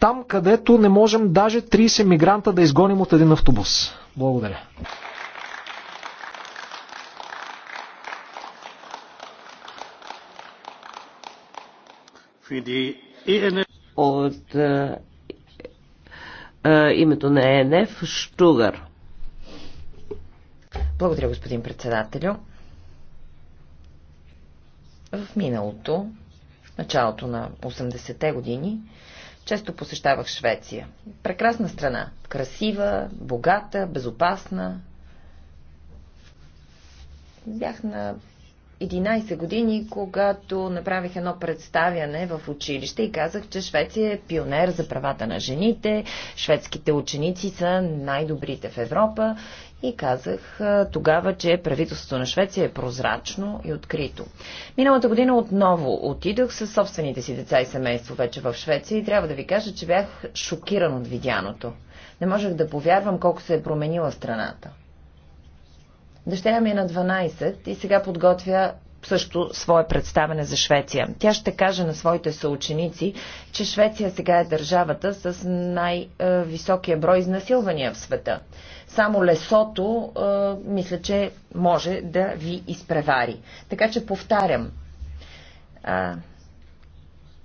там, където не можем даже 30 мигранта да изгоним от един автобус? Благодаря. от а, е, е, името на ЕНФ Штугар. Благодаря, господин председателю. В миналото, в началото на 80-те години, често посещавах Швеция. Прекрасна страна. Красива, богата, безопасна. Бях на 11 години, когато направих едно представяне в училище и казах, че Швеция е пионер за правата на жените, шведските ученици са най-добрите в Европа и казах тогава, че правителството на Швеция е прозрачно и открито. Миналата година отново отидох със собствените си деца и семейство вече в Швеция и трябва да ви кажа, че бях шокиран от видяното. Не можех да повярвам колко се е променила страната. Дъщеря ми е на 12 и сега подготвя също свое представене за Швеция. Тя ще каже на своите съученици, че Швеция сега е държавата с най-високия брой изнасилвания в света. Само лесото, мисля, че може да ви изпревари. Така че повтарям,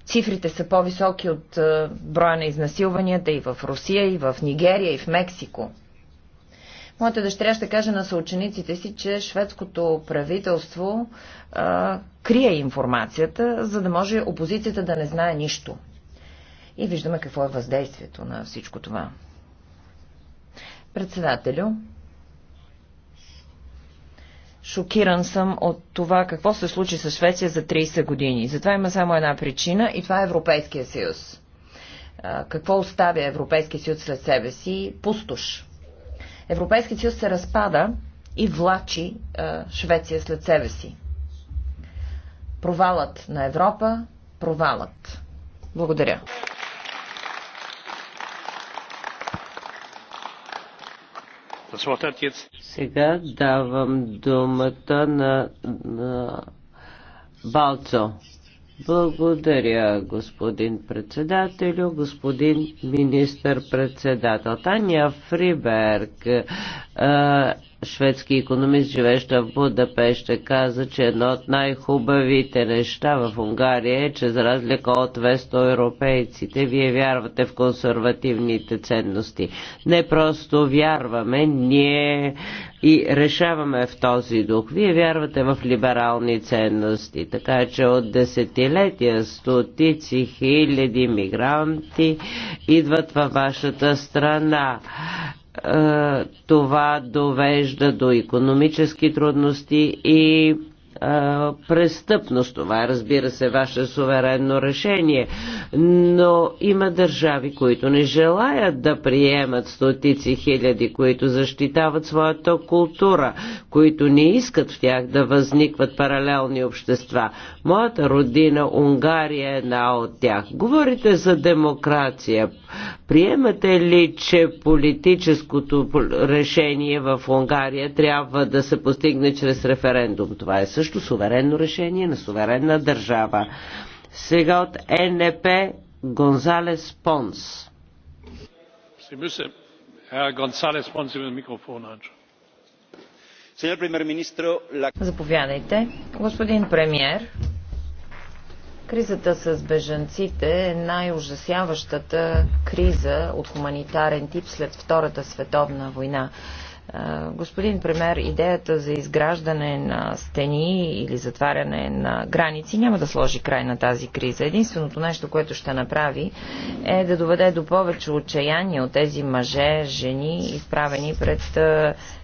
цифрите са по-високи от броя на изнасилванията и в Русия, и в Нигерия, и в Мексико. Моята дъщеря ще каже на съучениците си, че шведското правителство а, крие информацията, за да може опозицията да не знае нищо. И виждаме какво е въздействието на всичко това. Председателю, шокиран съм от това какво се случи с Швеция за 30 години. Затова има само една причина и това е Европейския съюз. Какво оставя Европейския съюз след себе си? Пустош. Европейски съюз се разпада и влачи а, е, Швеция след себе си. Провалът на Европа, провалът. Благодаря. Сега давам думата на, на Балцо. Благодаря, господин председателю, господин министър-председател. Таня Фриберг шведски економист, живеща в Будапеща, каза, че едно от най-хубавите неща в Унгария е, че за разлика от вестоевропейците, вие вярвате в консервативните ценности. Не просто вярваме, ние и решаваме в този дух. Вие вярвате в либерални ценности, така че от десетилетия стотици хиляди мигранти идват във вашата страна е, това довежда до економически трудности и а, престъпност. Това разбира се, ваше суверенно решение. Но има държави, които не желаят да приемат стотици хиляди, които защитават своята култура, които не искат в тях да възникват паралелни общества. Моята родина Унгария е една от тях. Говорите за демокрация. Приемате ли, че политическото решение в Унгария трябва да се постигне чрез референдум? Това е също също суверенно решение на суверенна държава. Сега от НП Гонзалес Понс. Заповядайте. Господин премьер, Кризата с бежанците е най-ужасяващата криза от хуманитарен тип след Втората световна война. Господин Премер, идеята за изграждане на стени или затваряне на граници няма да сложи край на тази криза. Единственото нещо, което ще направи е да доведе до повече отчаяние от тези мъже, жени, изправени пред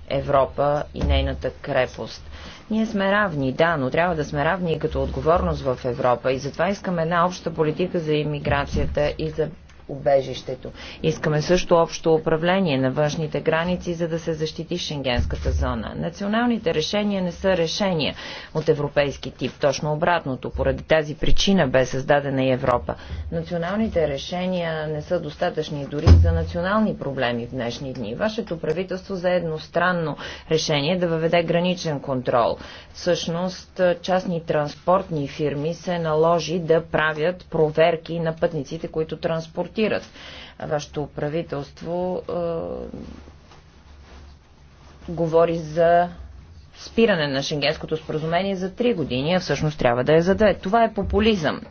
Европа и нейната крепост. Ние сме равни, да, но трябва да сме равни и като отговорност в Европа и затова искаме една обща политика за иммиграцията и за убежището. Искаме също общо управление на външните граници, за да се защити Шенгенската зона. Националните решения не са решения от европейски тип. Точно обратното. Поради тази причина бе създадена и Европа. Националните решения не са достатъчни дори за национални проблеми в днешни дни. Вашето правителство за едностранно решение да въведе граничен контрол. Всъщност, частни транспортни фирми се наложи да правят проверки на пътниците, които транспортират блокират. Вашето правителство е, говори за спиране на шенгенското споразумение за 3 години, а всъщност трябва да е за две. Това е популизъм.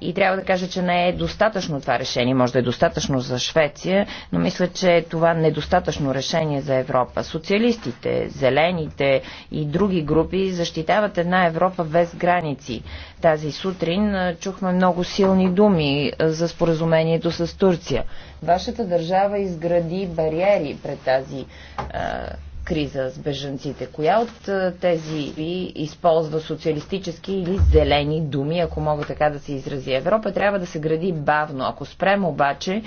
И трябва да кажа, че не е достатъчно това решение. Може да е достатъчно за Швеция, но мисля, че е това недостатъчно решение за Европа. Социалистите, зелените и други групи защитават една Европа без граници. Тази сутрин чухме много силни думи за споразумението с Турция. Вашата държава изгради бариери пред тази криза с бежанците? Коя от тези ви използва социалистически или зелени думи, ако мога така да се изрази? Европа трябва да се гради бавно. Ако спрем обаче,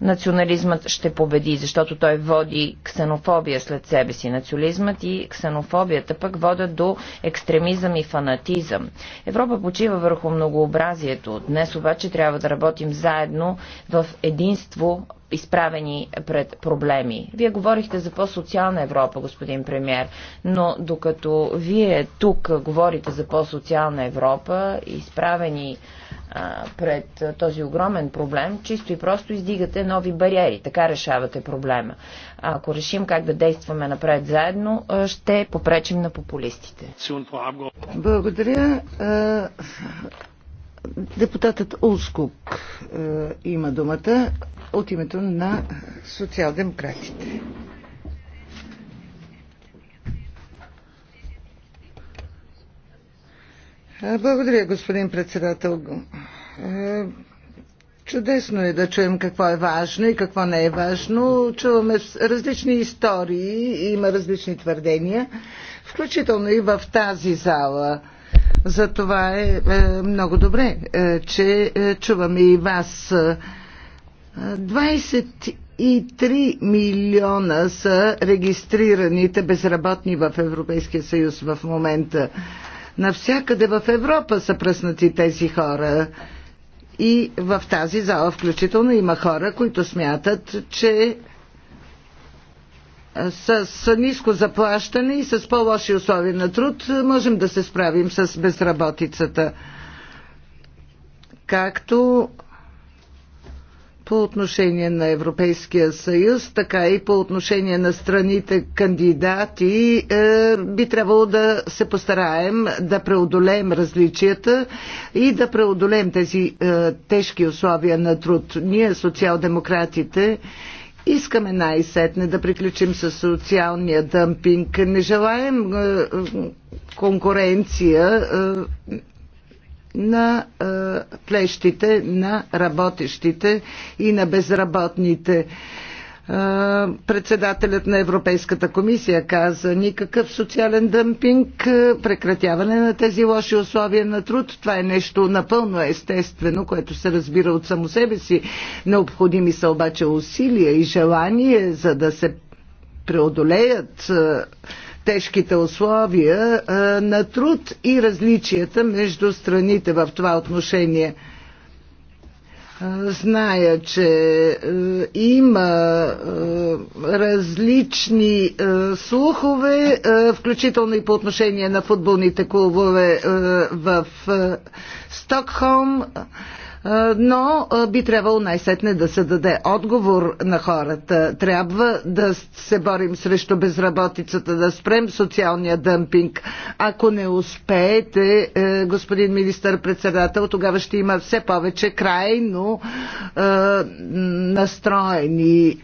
национализмът ще победи, защото той води ксенофобия след себе си. Национализмът и ксенофобията пък водят до екстремизъм и фанатизъм. Европа почива върху многообразието. Днес обаче трябва да работим заедно в единство изправени пред проблеми. Вие говорихте за по-социална Европа, господин премьер, но докато вие тук говорите за по-социална Европа, изправени пред този огромен проблем, чисто и просто издигате нови бариери. Така решавате проблема. А ако решим как да действаме напред заедно, ще попречим на популистите. Благодаря. Депутатът Улскук е, има думата от името на социал-демократите. Е, благодаря, господин председател. Е, чудесно е да чуем какво е важно и какво не е важно. Чуваме различни истории, има различни твърдения, включително и в тази зала – за това е, е, много добре, е, че е, чуваме и вас. 23 милиона са регистрираните безработни в Европейския съюз в момента. Навсякъде в Европа са пръснати тези хора. И в тази зала включително има хора, които смятат, че с, с ниско заплащане и с по-лоши условия на труд можем да се справим с безработицата. Както по отношение на Европейския съюз, така и по отношение на страните кандидати е, би трябвало да се постараем да преодолеем различията и да преодолеем тези е, тежки условия на труд. Ние, социал-демократите, Искаме най-сетне да приключим с социалния дъмпинг. Не желаем е, конкуренция е, на е, плещите, на работещите и на безработните. Председателят на Европейската комисия каза никакъв социален дъмпинг, прекратяване на тези лоши условия на труд. Това е нещо напълно естествено, което се разбира от само себе си. Необходими са обаче усилия и желание, за да се преодолеят тежките условия на труд и различията между страните в това отношение – Зная, че е, има е, различни е, слухове, включително и по отношение на футболните клубове в Стокхолм. Е, но е, би трябвало най-сетне да се даде отговор на хората. Трябва да се борим срещу безработицата, да спрем социалния дъмпинг. Ако не успеете, е, господин министър-председател, тогава ще има все повече крайно настроени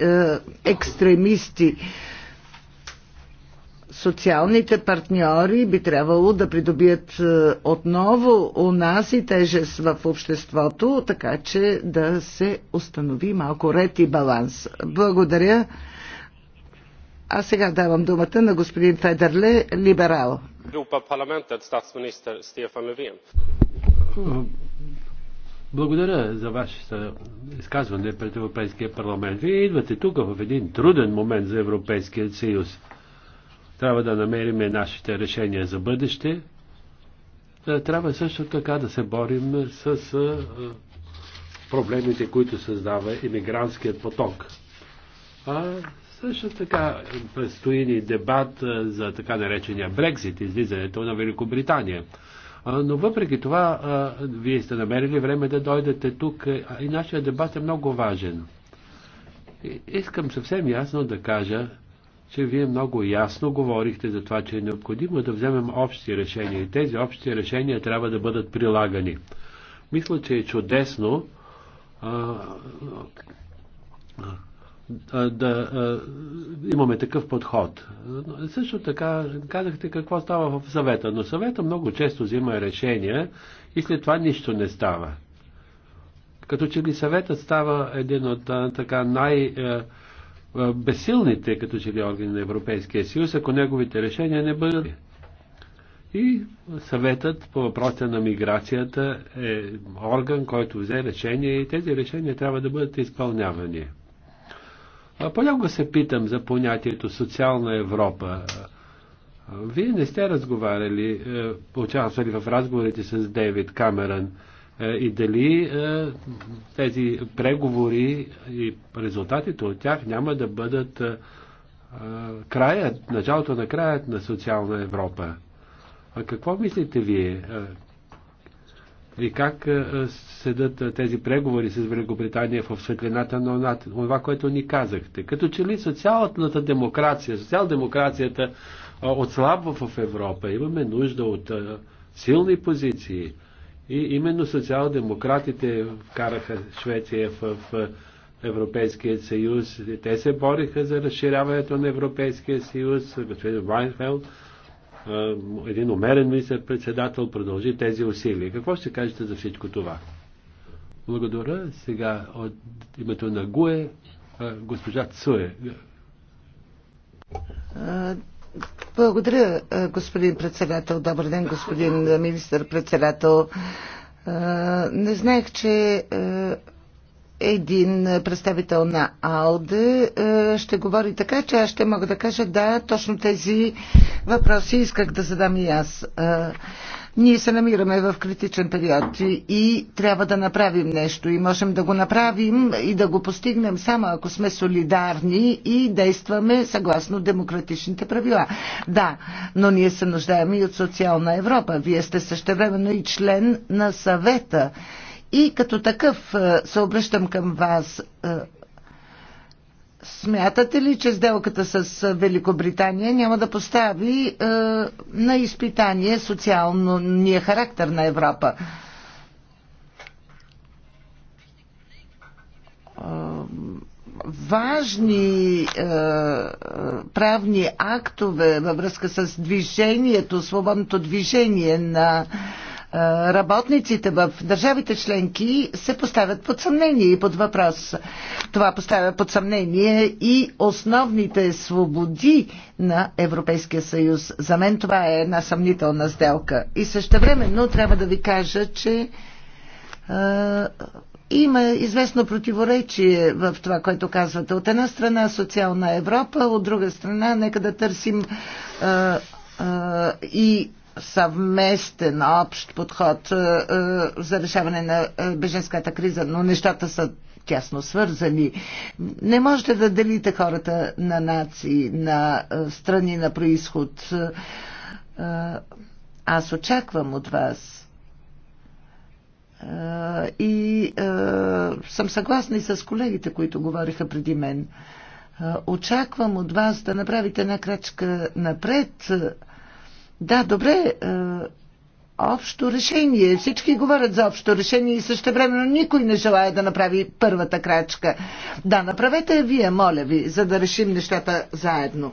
екстремисти социалните партньори би трябвало да придобият е, отново у нас и тежест в обществото, така че да се установи малко ред и баланс. Благодаря. А сега давам думата на господин Федерле, либерал. Е, благодаря за вашето изказване пред Европейския парламент. Вие идвате тук в един труден момент за Европейския съюз. Трябва да намериме нашите решения за бъдеще. Е, трябва също така да се борим с е, проблемите, които създава иммигрантският поток. А също така предстои ни дебат е, за така наречения Брекзит, излизането на Великобритания. Но въпреки това, вие сте намерили време да дойдете тук и нашия дебат е много важен. Искам съвсем ясно да кажа, че вие много ясно говорихте за това, че е необходимо да вземем общи решения и тези общи решения трябва да бъдат прилагани. Мисля, че е чудесно а, а, да а, имаме такъв подход. Също така казахте какво става в съвета, но съвета много често взима решения и след това нищо не става. Като че ли съветът става един от а, така най- а, безсилните като че ли органи на Европейския съюз, ако неговите решения не бъдат. И съветът по въпроса на миграцията е орган, който взе решение и тези решения трябва да бъдат изпълнявани. Понякога се питам за понятието социална Европа. Вие не сте разговаряли, е, участвали в разговорите с Дейвид Камерън. Е, и дали е, тези преговори и резултатите от тях няма да бъдат е, краят, началото на краят на социална Европа. А какво мислите вие? И как седат тези преговори с Великобритания в светлината на това, което ни казахте? Като че ли социалната демокрация, социал-демокрацията отслабва в Европа. Имаме нужда от силни позиции. И именно социал-демократите вкараха Швеция в Европейския съюз. Те се бориха за разширяването на Европейския съюз. Господин Вайнфелд, един умерен мисър председател продължи тези усилия. Какво ще кажете за всичко това? Благодаря. Сега от името на ГУЕ госпожа Цуе. Благодаря, е, господин председател. Добър ден, господин министър-председател. Е, не знаех, че е, един представител на АЛДЕ ще говори така, че аз ще мога да кажа да, точно тези въпроси исках да задам и аз. Ние се намираме в критичен период и, и трябва да направим нещо и можем да го направим и да го постигнем само ако сме солидарни и действаме съгласно демократичните правила. Да, но ние се нуждаем и от социална Европа. Вие сте същевременно и член на съвета. И като такъв е, се обръщам към вас е, Смятате ли, че сделката с Великобритания няма да постави е, на изпитание социалния характер на Европа? важни е, правни актове във връзка с движението, свободното движение на работниците в държавите членки се поставят под съмнение и под въпрос. Това поставя под съмнение и основните свободи на Европейския съюз. За мен това е една съмнителна сделка. И също времено трябва да ви кажа, че има известно противоречие в това, което казвате. От една страна социална Европа, от друга страна нека да търсим а, а, и съвместен общ подход е, е, за решаване на е, беженската криза, но нещата са тясно свързани. Не можете да делите хората на нации, на страни на происход. Аз очаквам от вас и съм съгласна и с колегите, които говориха преди мен. Очаквам от вас да направите една крачка напред да, добре. Е, общо решение. Всички говорят за общо решение и също времено никой не желая да направи първата крачка. Да, направете вие, моля ви, за да решим нещата заедно.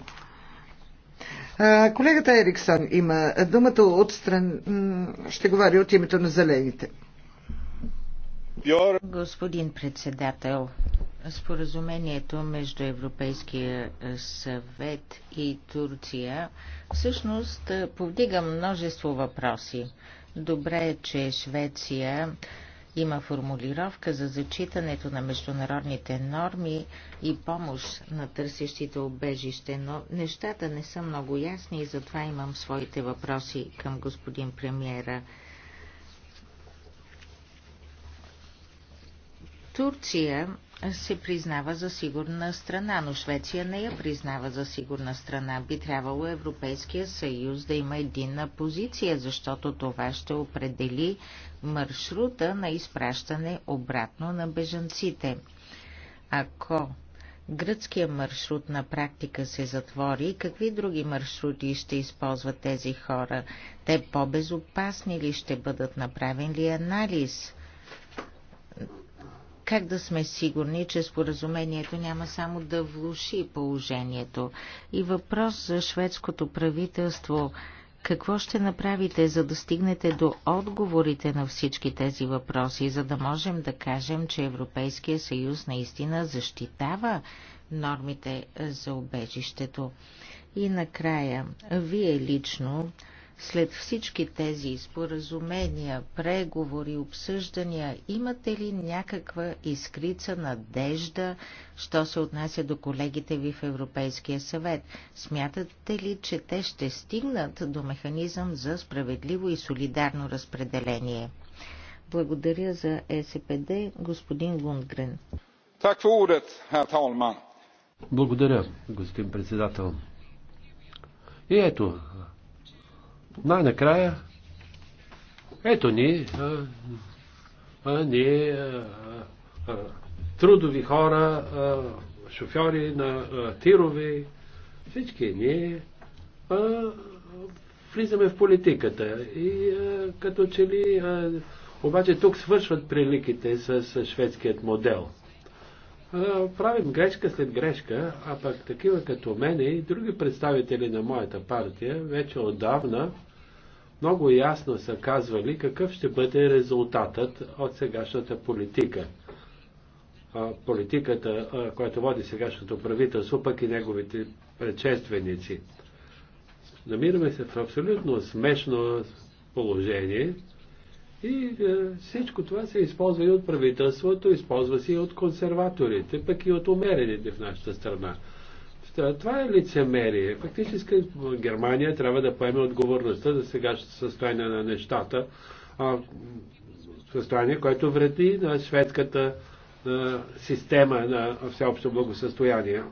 Е, колегата Ериксон има думата от Ще говори от името на зелените. Господин председател, споразумението между Европейския съвет и Турция Всъщност е, повдига множество въпроси. Добре е, че Швеция има формулировка за зачитането на международните норми и помощ на търсещите обежище, но нещата не са много ясни и затова имам своите въпроси към господин премиера. Турция се признава за сигурна страна, но Швеция не я признава за сигурна страна. Би трябвало Европейския съюз да има единна позиция, защото това ще определи маршрута на изпращане обратно на бежанците. Ако гръцкият маршрут на практика се затвори, какви други маршрути ще използват тези хора? Те по-безопасни ли ще бъдат? Направен ли е анализ? Как да сме сигурни, че споразумението няма само да влуши положението? И въпрос за шведското правителство. Какво ще направите, за да стигнете до отговорите на всички тези въпроси, за да можем да кажем, че Европейския съюз наистина защитава нормите за обежището? И накрая, вие лично след всички тези споразумения, преговори, обсъждания, имате ли някаква искрица надежда, що се отнася до колегите ви в Европейския съвет? Смятате ли, че те ще стигнат до механизъм за справедливо и солидарно разпределение? Благодаря за СПД, господин Лундгрен. Благодаря, господин председател. И ето, най-накрая, ето ни, а, а, ние, а, а, трудови хора, а, шофьори на а, тирови, всички ние а, влизаме в политиката. И а, като че ли, а, обаче тук свършват приликите с, с шведският модел. А, правим грешка след грешка, а пък такива като мене и други представители на моята партия вече отдавна много ясно са казвали какъв ще бъде резултатът от сегашната политика. Политиката, която води сегашното правителство, пък и неговите предшественици. Намираме се в абсолютно смешно положение и е, всичко това се използва и от правителството, използва се и от консерваторите, пък и от умерените в нашата страна. Е, това е лицемерие. Фактически Германия трябва да поеме отговорността за сегашното състояние на нещата, състояние, което вреди на на система на всеобщо благосъстояние.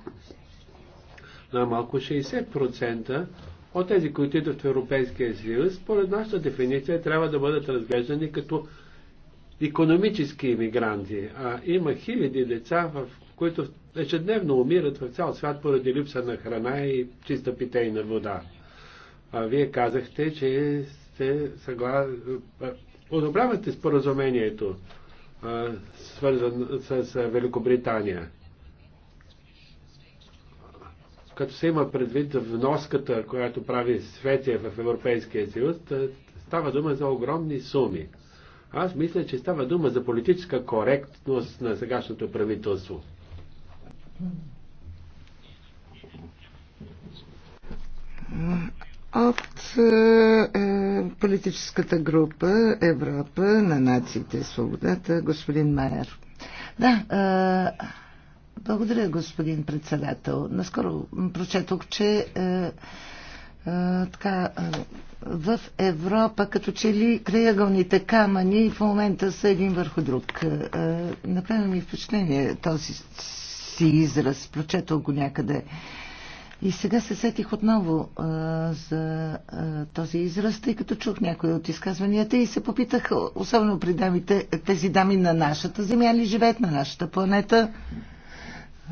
На малко 60% от тези, които идват в Европейския съюз, според нашата дефиниция, трябва да бъдат разглеждани като економически иммигранти. А има хиляди деца в които ежедневно умират в цял свят поради липса на храна и чиста питейна вода. А вие казахте, че сте съгла... Одобрявате споразумението, а, свързано с Великобритания. Като се има предвид вноската, която прави Светия в Европейския съюз, става дума за огромни суми. Аз мисля, че става дума за политическа коректност на сегашното правителство. От е, е, политическата група Европа на нациите и свободата, господин Майер. Да, е, благодаря, господин председател. Наскоро прочетох, че е, е, така, е, в Европа, като че ли краягълните камъни в момента са един върху друг. Е, е направи ми впечатление този си израз. Прочетал го някъде. И сега се сетих отново а, за а, този израз, тъй като чух някои от изказванията и се попитах, особено при дамите, тези дами на нашата земя ли живеят на нашата планета,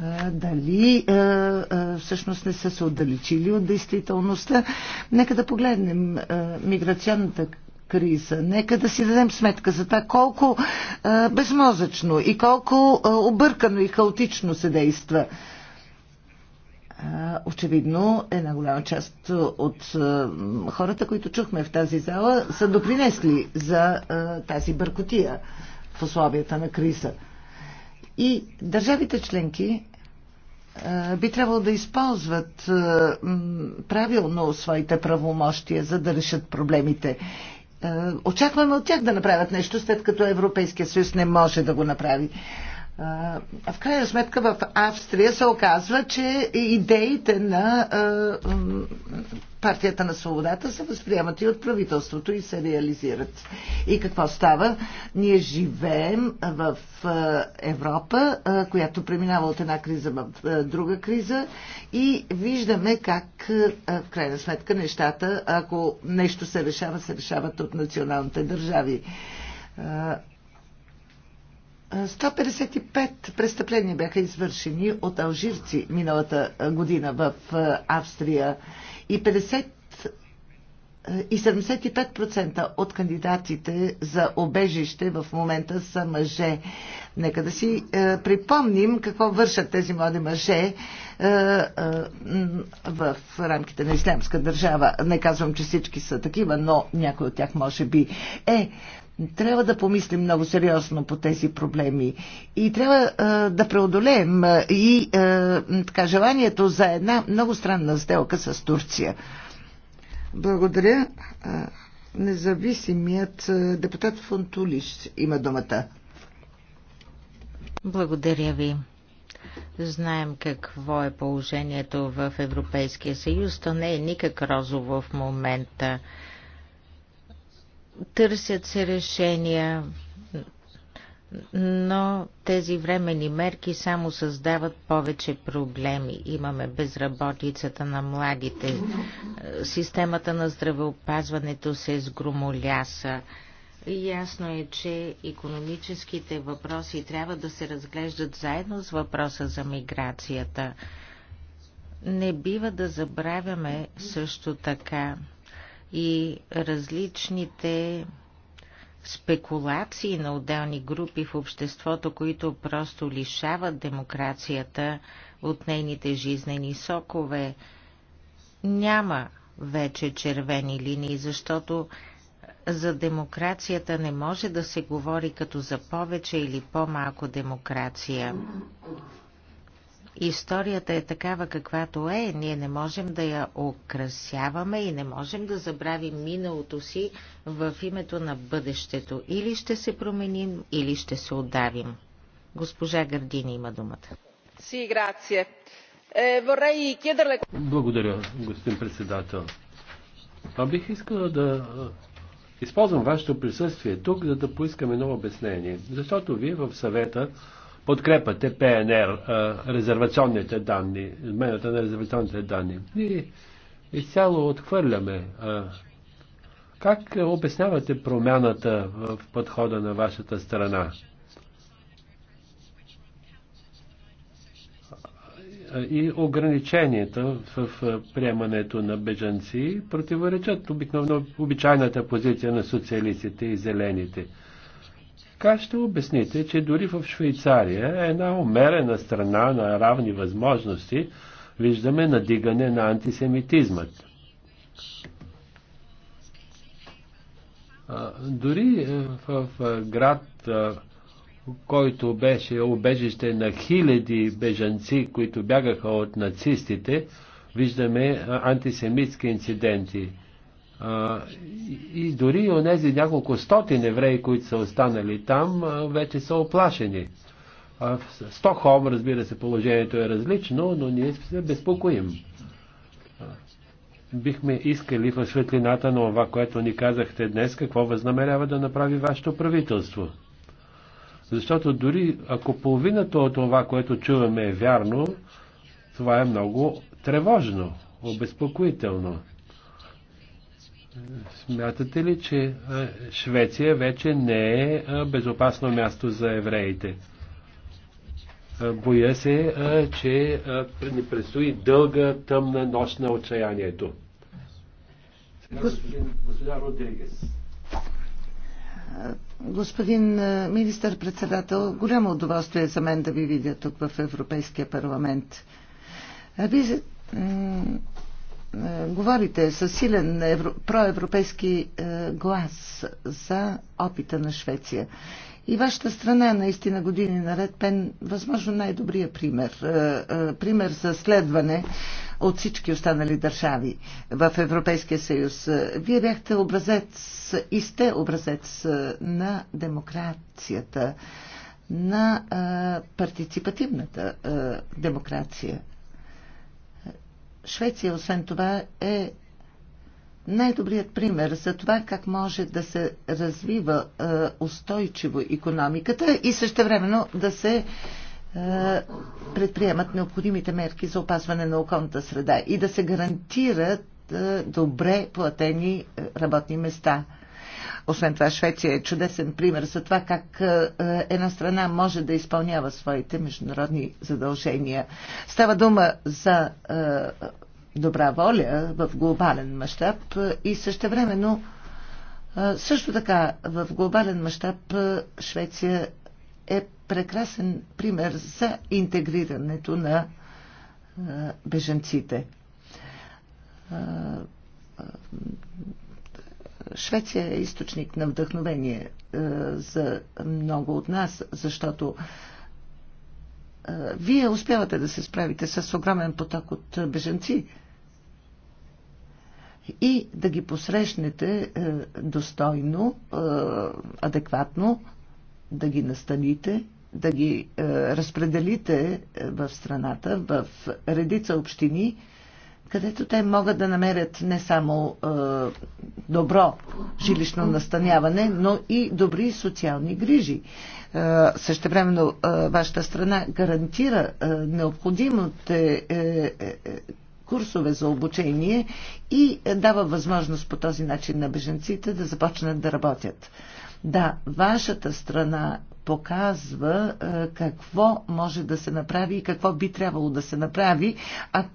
а, дали а, а, всъщност не са се отдалечили от действителността. Нека да погледнем а, миграционната криза. Нека да си дадем сметка за това колко а, е, безмозъчно и колко а, е, объркано и хаотично се действа. А, е, очевидно, една голяма част от а, хората, които чухме в тази зала, са допринесли за а, тази бъркотия в условията на криза. И държавите членки би трябвало да използват правилно своите правомощия, за да решат проблемите. Е, очакваме от тях да направят нещо, след като Европейския съюз не може да го направи. В крайна сметка в Австрия се оказва, че идеите на партията на свободата се възприемат и от правителството и се реализират. И какво става? Ние живеем в Европа, която преминава от една криза в друга криза и виждаме как в крайна сметка нещата, ако нещо се решава, се решават от националните държави 155 престъпления бяха извършени от алжирци миналата година в Австрия и 50 и 75% от кандидатите за обежище в момента са мъже. Нека да си е, припомним какво вършат тези млади мъже е, е, в рамките на ислямска държава. Не казвам, че всички са такива, но някой от тях може би. Е, трябва да помислим много сериозно по тези проблеми и трябва а, да преодолеем а, и а, така, желанието за една много странна сделка с Турция. Благодаря. Независимият депутат Фонтулиш има думата. Благодаря ви. Знаем какво е положението в Европейския съюз. То не е никак розово в момента. Търсят се решения, но тези времени мерки само създават повече проблеми. Имаме безработицата на младите, системата на здравеопазването се сгромоляса. Ясно е, че економическите въпроси трябва да се разглеждат заедно с въпроса за миграцията. Не бива да забравяме също така, и различните спекулации на отделни групи в обществото, които просто лишават демокрацията от нейните жизнени сокове. Няма вече червени линии, защото за демокрацията не може да се говори като за повече или по-малко демокрация. Историята е такава каквато е, ние не можем да я украсяваме и не можем да забравим миналото си в името на бъдещето. Или ще се променим, или ще се отдавим. Госпожа Гърдини има думата. Си, грация. Е, Благодаря, господин председател. А бих искала да е, използвам вашето присъствие тук, за да поискам едно обяснение. Защото вие в съвета подкрепате ПНР, резервационните данни, измената на резервационните данни. И изцяло отхвърляме. Как обяснявате промяната в подхода на вашата страна? И ограниченията в приемането на бежанци противоречат обикновено обичайната позиция на социалистите и зелените. Как ще обясните, че дори в Швейцария, една умерена страна на равни възможности, виждаме надигане на антисемитизмът? Дори е, в град, е, който беше обежище на хиляди бежанци, които бягаха от нацистите, виждаме антисемитски инциденти. И дори от тези няколко стотин евреи, които са останали там, вече са оплашени. В Стокхолм, разбира се, положението е различно, но ние се безпокоим. Бихме искали в светлината на това, което ни казахте днес, какво възнамерява да направи вашето правителство. Защото дори ако половината от това, което чуваме е вярно, това е много тревожно, обезпокоително. Смятате ли, че Швеция вече не е безопасно място за евреите? Боя се, че ни предстои дълга тъмна нощ на отчаянието. Господин, Родригес. Господин министър-председател, голямо удоволствие е за мен да ви видя тук в Европейския парламент. Вие е, говорите с силен евро, проевропейски е, глас за опита на Швеция. И вашата страна наистина години наред пен възможно най-добрия пример. Е, пример за следване от всички останали държави в Европейския съюз. Вие бяхте образец и сте образец на демокрацията, на партиципативната демокрация. Швеция, освен това, е най-добрият пример за това как може да се развива е, устойчиво економиката и същевременно да се е, предприемат необходимите мерки за опазване на околната среда и да се гарантират е, добре платени е, работни места. Освен това, Швеция е чудесен пример за това как е, е, една страна може да изпълнява своите международни задължения. Става дума за е, добра воля в глобален мащаб и същевременно също така в глобален мащаб Швеция е прекрасен пример за интегрирането на бежанците Швеция е източник на вдъхновение е, за много от нас, защото е, вие успявате да се справите с огромен поток от беженци и да ги посрещнете е, достойно, адекватно, да ги настаните, да ги разпределите в страната, в редица общини – където те могат да намерят не само е, добро жилищно настаняване, но и добри социални грижи. Е, времено е, вашата страна гарантира е, необходимите е, е, курсове за обучение и дава възможност по този начин на беженците да започнат да работят. Да, вашата страна показва е, какво може да се направи и какво би трябвало да се направи, а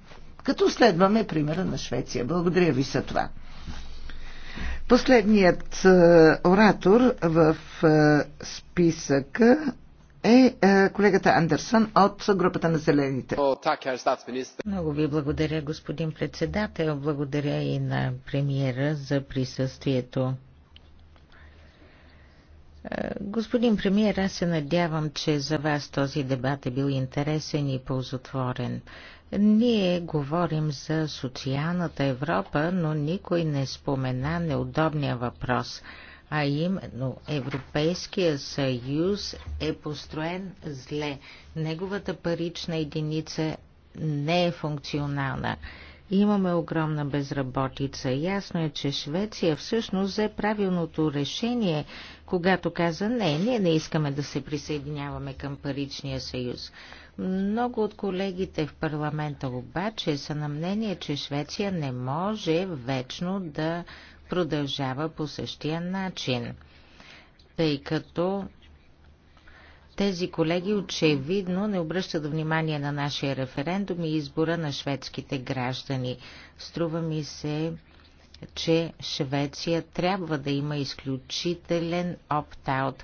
като следваме примера на Швеция. Благодаря ви за това. Последният е, оратор в е, списъка е, е колегата Андерсон от групата на зелените. Много ви благодаря, господин председател. Благодаря и на премиера за присъствието. Господин премиер, аз се надявам, че за вас този дебат е бил интересен и ползотворен. Ние говорим за социалната Европа, но никой не спомена неудобния въпрос, а именно Европейския съюз е построен зле. Неговата парична единица не е функционална. Имаме огромна безработица. Ясно е, че Швеция всъщност взе правилното решение, когато каза не, ние не искаме да се присъединяваме към паричния съюз. Много от колегите в парламента обаче са на мнение, че Швеция не може вечно да продължава по същия начин, тъй като тези колеги очевидно не обръщат внимание на нашия референдум и избора на шведските граждани. Струва ми се, че Швеция трябва да има изключителен опт-аут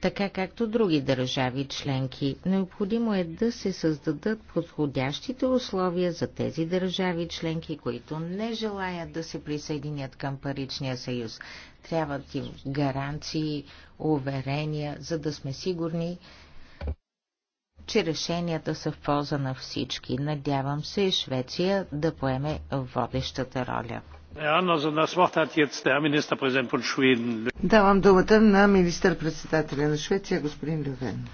така както други държави членки. Необходимо е да се създадат подходящите условия за тези държави членки, които не желаят да се присъединят към Паричния съюз. Трябват им гаранции, уверения, за да сме сигурни, че решенията са в полза на всички. Надявам се Швеция да поеме водещата роля. Давам думата на министър-председателя на Швеция, господин Левен.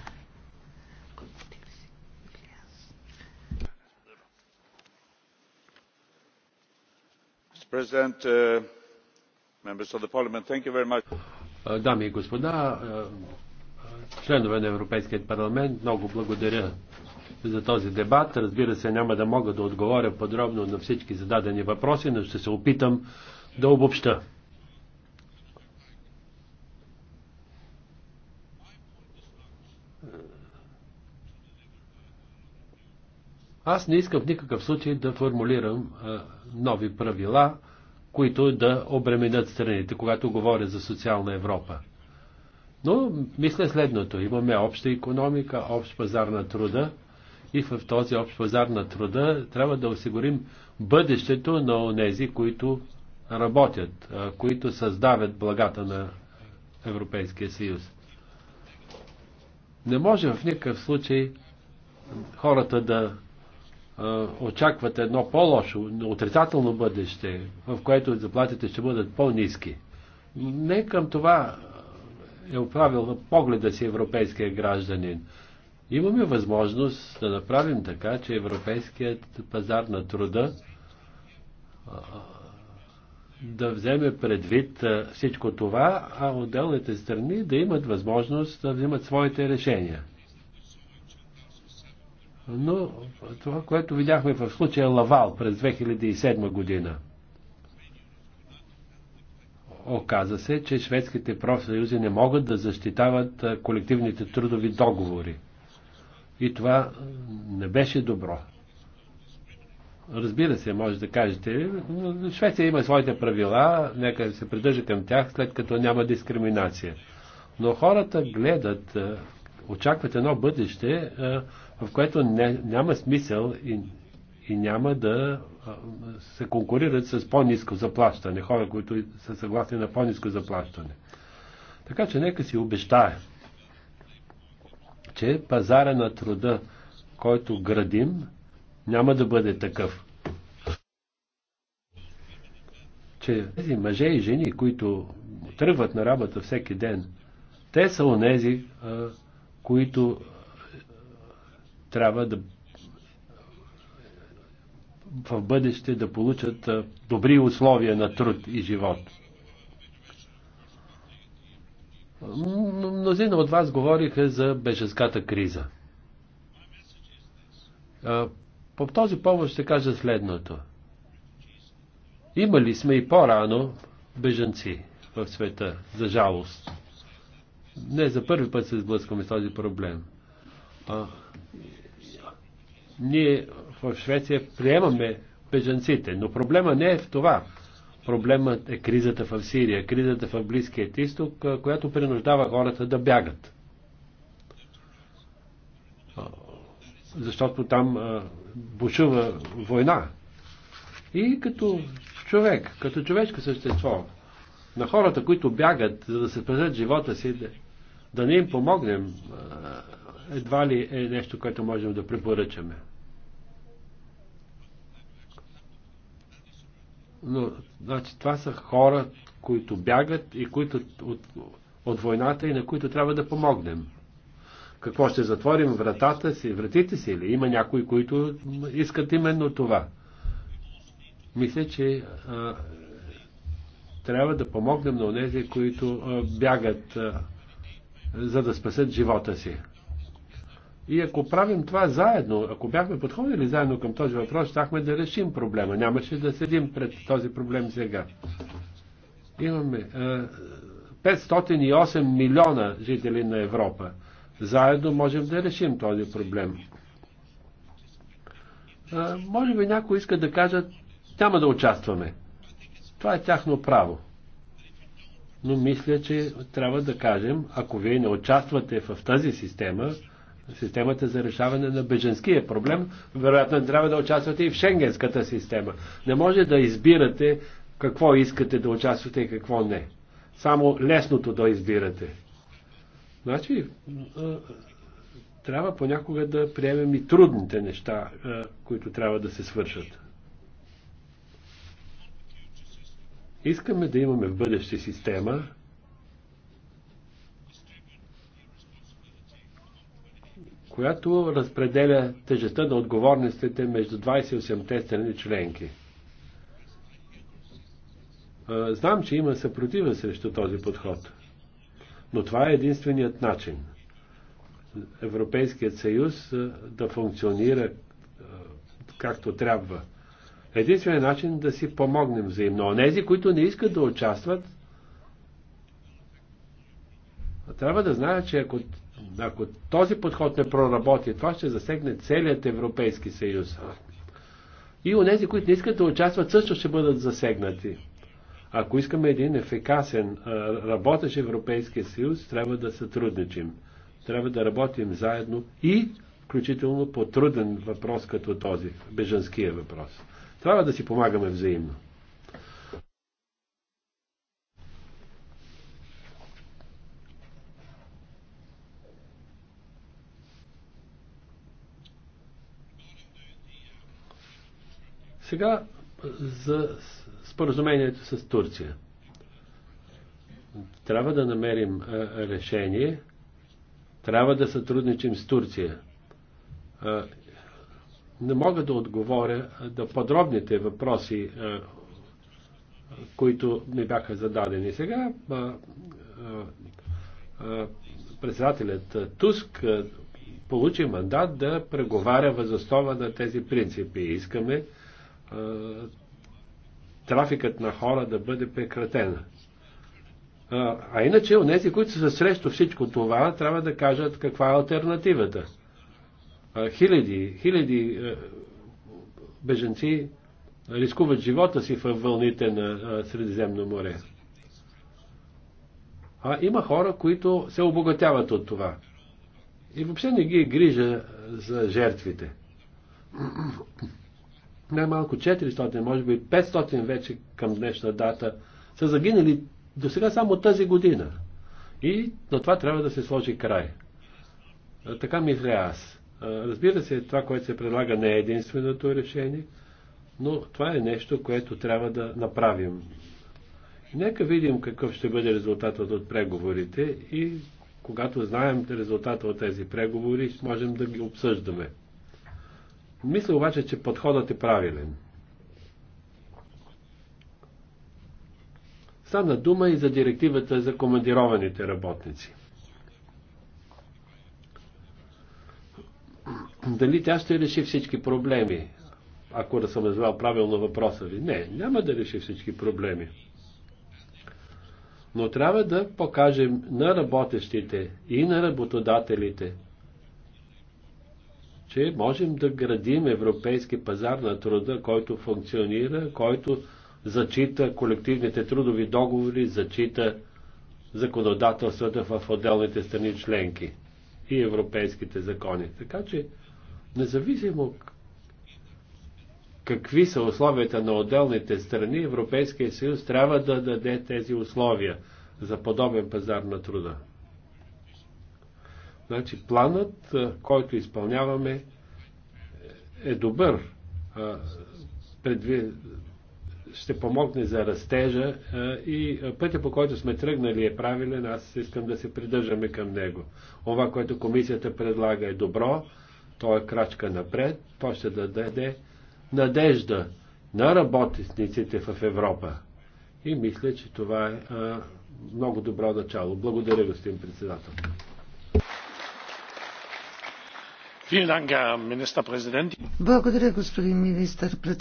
Uh, uh, дами и господа, uh, членове на Европейския парламент, много благодаря за този дебат. Разбира се, няма да мога да отговоря подробно на всички зададени въпроси, но ще се опитам да обобща. Аз не искам в никакъв случай да формулирам а, нови правила, които да обременят страните, когато говоря за социална Европа. Но мисля следното. Имаме обща економика, общ пазар на труда, и в този общ пазар на труда трябва да осигурим бъдещето на онези, които работят, които създават благата на Европейския съюз. Не може в никакъв случай хората да очакват едно по-лошо, отрицателно бъдеще, в което заплатите ще бъдат по-низки. Не към това е оправил погледа си европейския гражданин. Имаме възможност да направим така, че европейският пазар на труда да вземе предвид всичко това, а отделните страни да имат възможност да вземат своите решения. Но това, което видяхме в случая Лавал през 2007 година, оказа се, че шведските профсъюзи не могат да защитават колективните трудови договори. И това не беше добро. Разбира се, може да кажете, Швеция има своите правила, нека се придържа към тях, след като няма дискриминация. Но хората гледат, е, очакват едно бъдеще, е, в което не, няма смисъл и, и няма да е, се конкурират с по-низко заплащане, хора, които са съгласни на по-низко заплащане. Така че нека си обещаем че пазара на труда, който градим, няма да бъде такъв. Че тези мъже и жени, които тръгват на работа всеки ден, те са онези, които трябва да в бъдеще да получат добри условия на труд и живот. Мнозина от вас говориха за беженската криза. По този повод ще кажа следното. Имали сме и по-рано беженци в света, за жалост. Не за първи път се сблъскваме с този проблем. А, ние в Швеция приемаме беженците, но проблема не е в това. Проблемът е кризата в Сирия, кризата в Близкия изток, която принуждава хората да бягат. Защото там бушува война. И като човек, като човешко същество, на хората, които бягат, за да се спасят живота си, да, да не им помогнем, едва ли е нещо, което можем да препоръчаме. Но, значи, това са хора, които бягат и които от, от войната и на които трябва да помогнем. Какво ще затворим вратата си, вратите си или има някои, които искат именно това? Мисля, че а, трябва да помогнем на тези, които а, бягат, а, за да спасят живота си. И ако правим това заедно, ако бяхме подходили заедно към този въпрос, щяхме да решим проблема. Нямаше да седим пред този проблем сега. Имаме 508 е, милиона жители на Европа. Заедно можем да решим този проблем. Е, може би някой искат да кажат, няма да участваме. Това е тяхно право. Но мисля, че трябва да кажем, ако вие не участвате в тази система, системата за решаване на беженския проблем, вероятно трябва да участвате и в шенгенската система. Не може да избирате какво искате да участвате и какво не. Само лесното да избирате. Значи, трябва понякога да приемем и трудните неща, които трябва да се свършат. Искаме да имаме в бъдеще система, която разпределя тежестта на отговорностите между 28-те страни членки. Знам, че има съпротива срещу този подход, но това е единственият начин Европейският съюз да функционира както трябва. Единственият начин да си помогнем взаимно. Онези, които не искат да участват, трябва да знаят, че ако ако този подход не проработи, това ще засегне целият Европейски съюз. И у нези, които не искат да участват, също ще бъдат засегнати. Ако искаме един ефикасен, работещ Европейски съюз, трябва да сътрудничим. Трябва да работим заедно и включително по труден въпрос като този, бежанския въпрос. Трябва да си помагаме взаимно. Сега за споразумението с Турция. Трябва да намерим решение. Трябва да сътрудничим с Турция. Не мога да отговоря до подробните въпроси, които ми бяха зададени. Сега председателят Туск получи мандат да преговаря възоснова на тези принципи. Искаме трафикът на хора да бъде прекратена. А иначе, онези, които са срещу всичко това, трябва да кажат каква е альтернативата. Хиляди, хиляди беженци рискуват живота си в вълните на Средиземно море. А има хора, които се обогатяват от това. И въобще не ги грижа за жертвите най-малко 400, може би 500 вече към днешна дата са загинали до сега само тази година. И на това трябва да се сложи край. Така мисля аз. Разбира се, това, което се предлага, не е единственото решение, но това е нещо, което трябва да направим. Нека видим какъв ще бъде резултатът от преговорите и когато знаем резултата от тези преговори, можем да ги обсъждаме. Мисля обаче, че подходът е правилен. Стана дума и за директивата за командированите работници. Дали тя ще реши всички проблеми? Ако да съм развал правилно въпроса ви. Не, няма да реши всички проблеми. Но трябва да покажем на работещите и на работодателите – че можем да градим европейски пазар на труда, който функционира, който зачита колективните трудови договори, зачита законодателствата в отделните страни членки и европейските закони. Така че, независимо какви са условията на отделните страни, Европейския съюз трябва да даде тези условия за подобен пазар на труда. Значи планът, който изпълняваме, е, е добър. Ще помогне за растежа и пътя по който сме тръгнали е правилен. Аз искам да се придържаме към него. Това, което комисията предлага е добро. То е крачка напред. То ще даде надежда на работниците в Европа. И мисля, че това е много добро начало. Благодаря, господин председател. Благодаря, господин министър.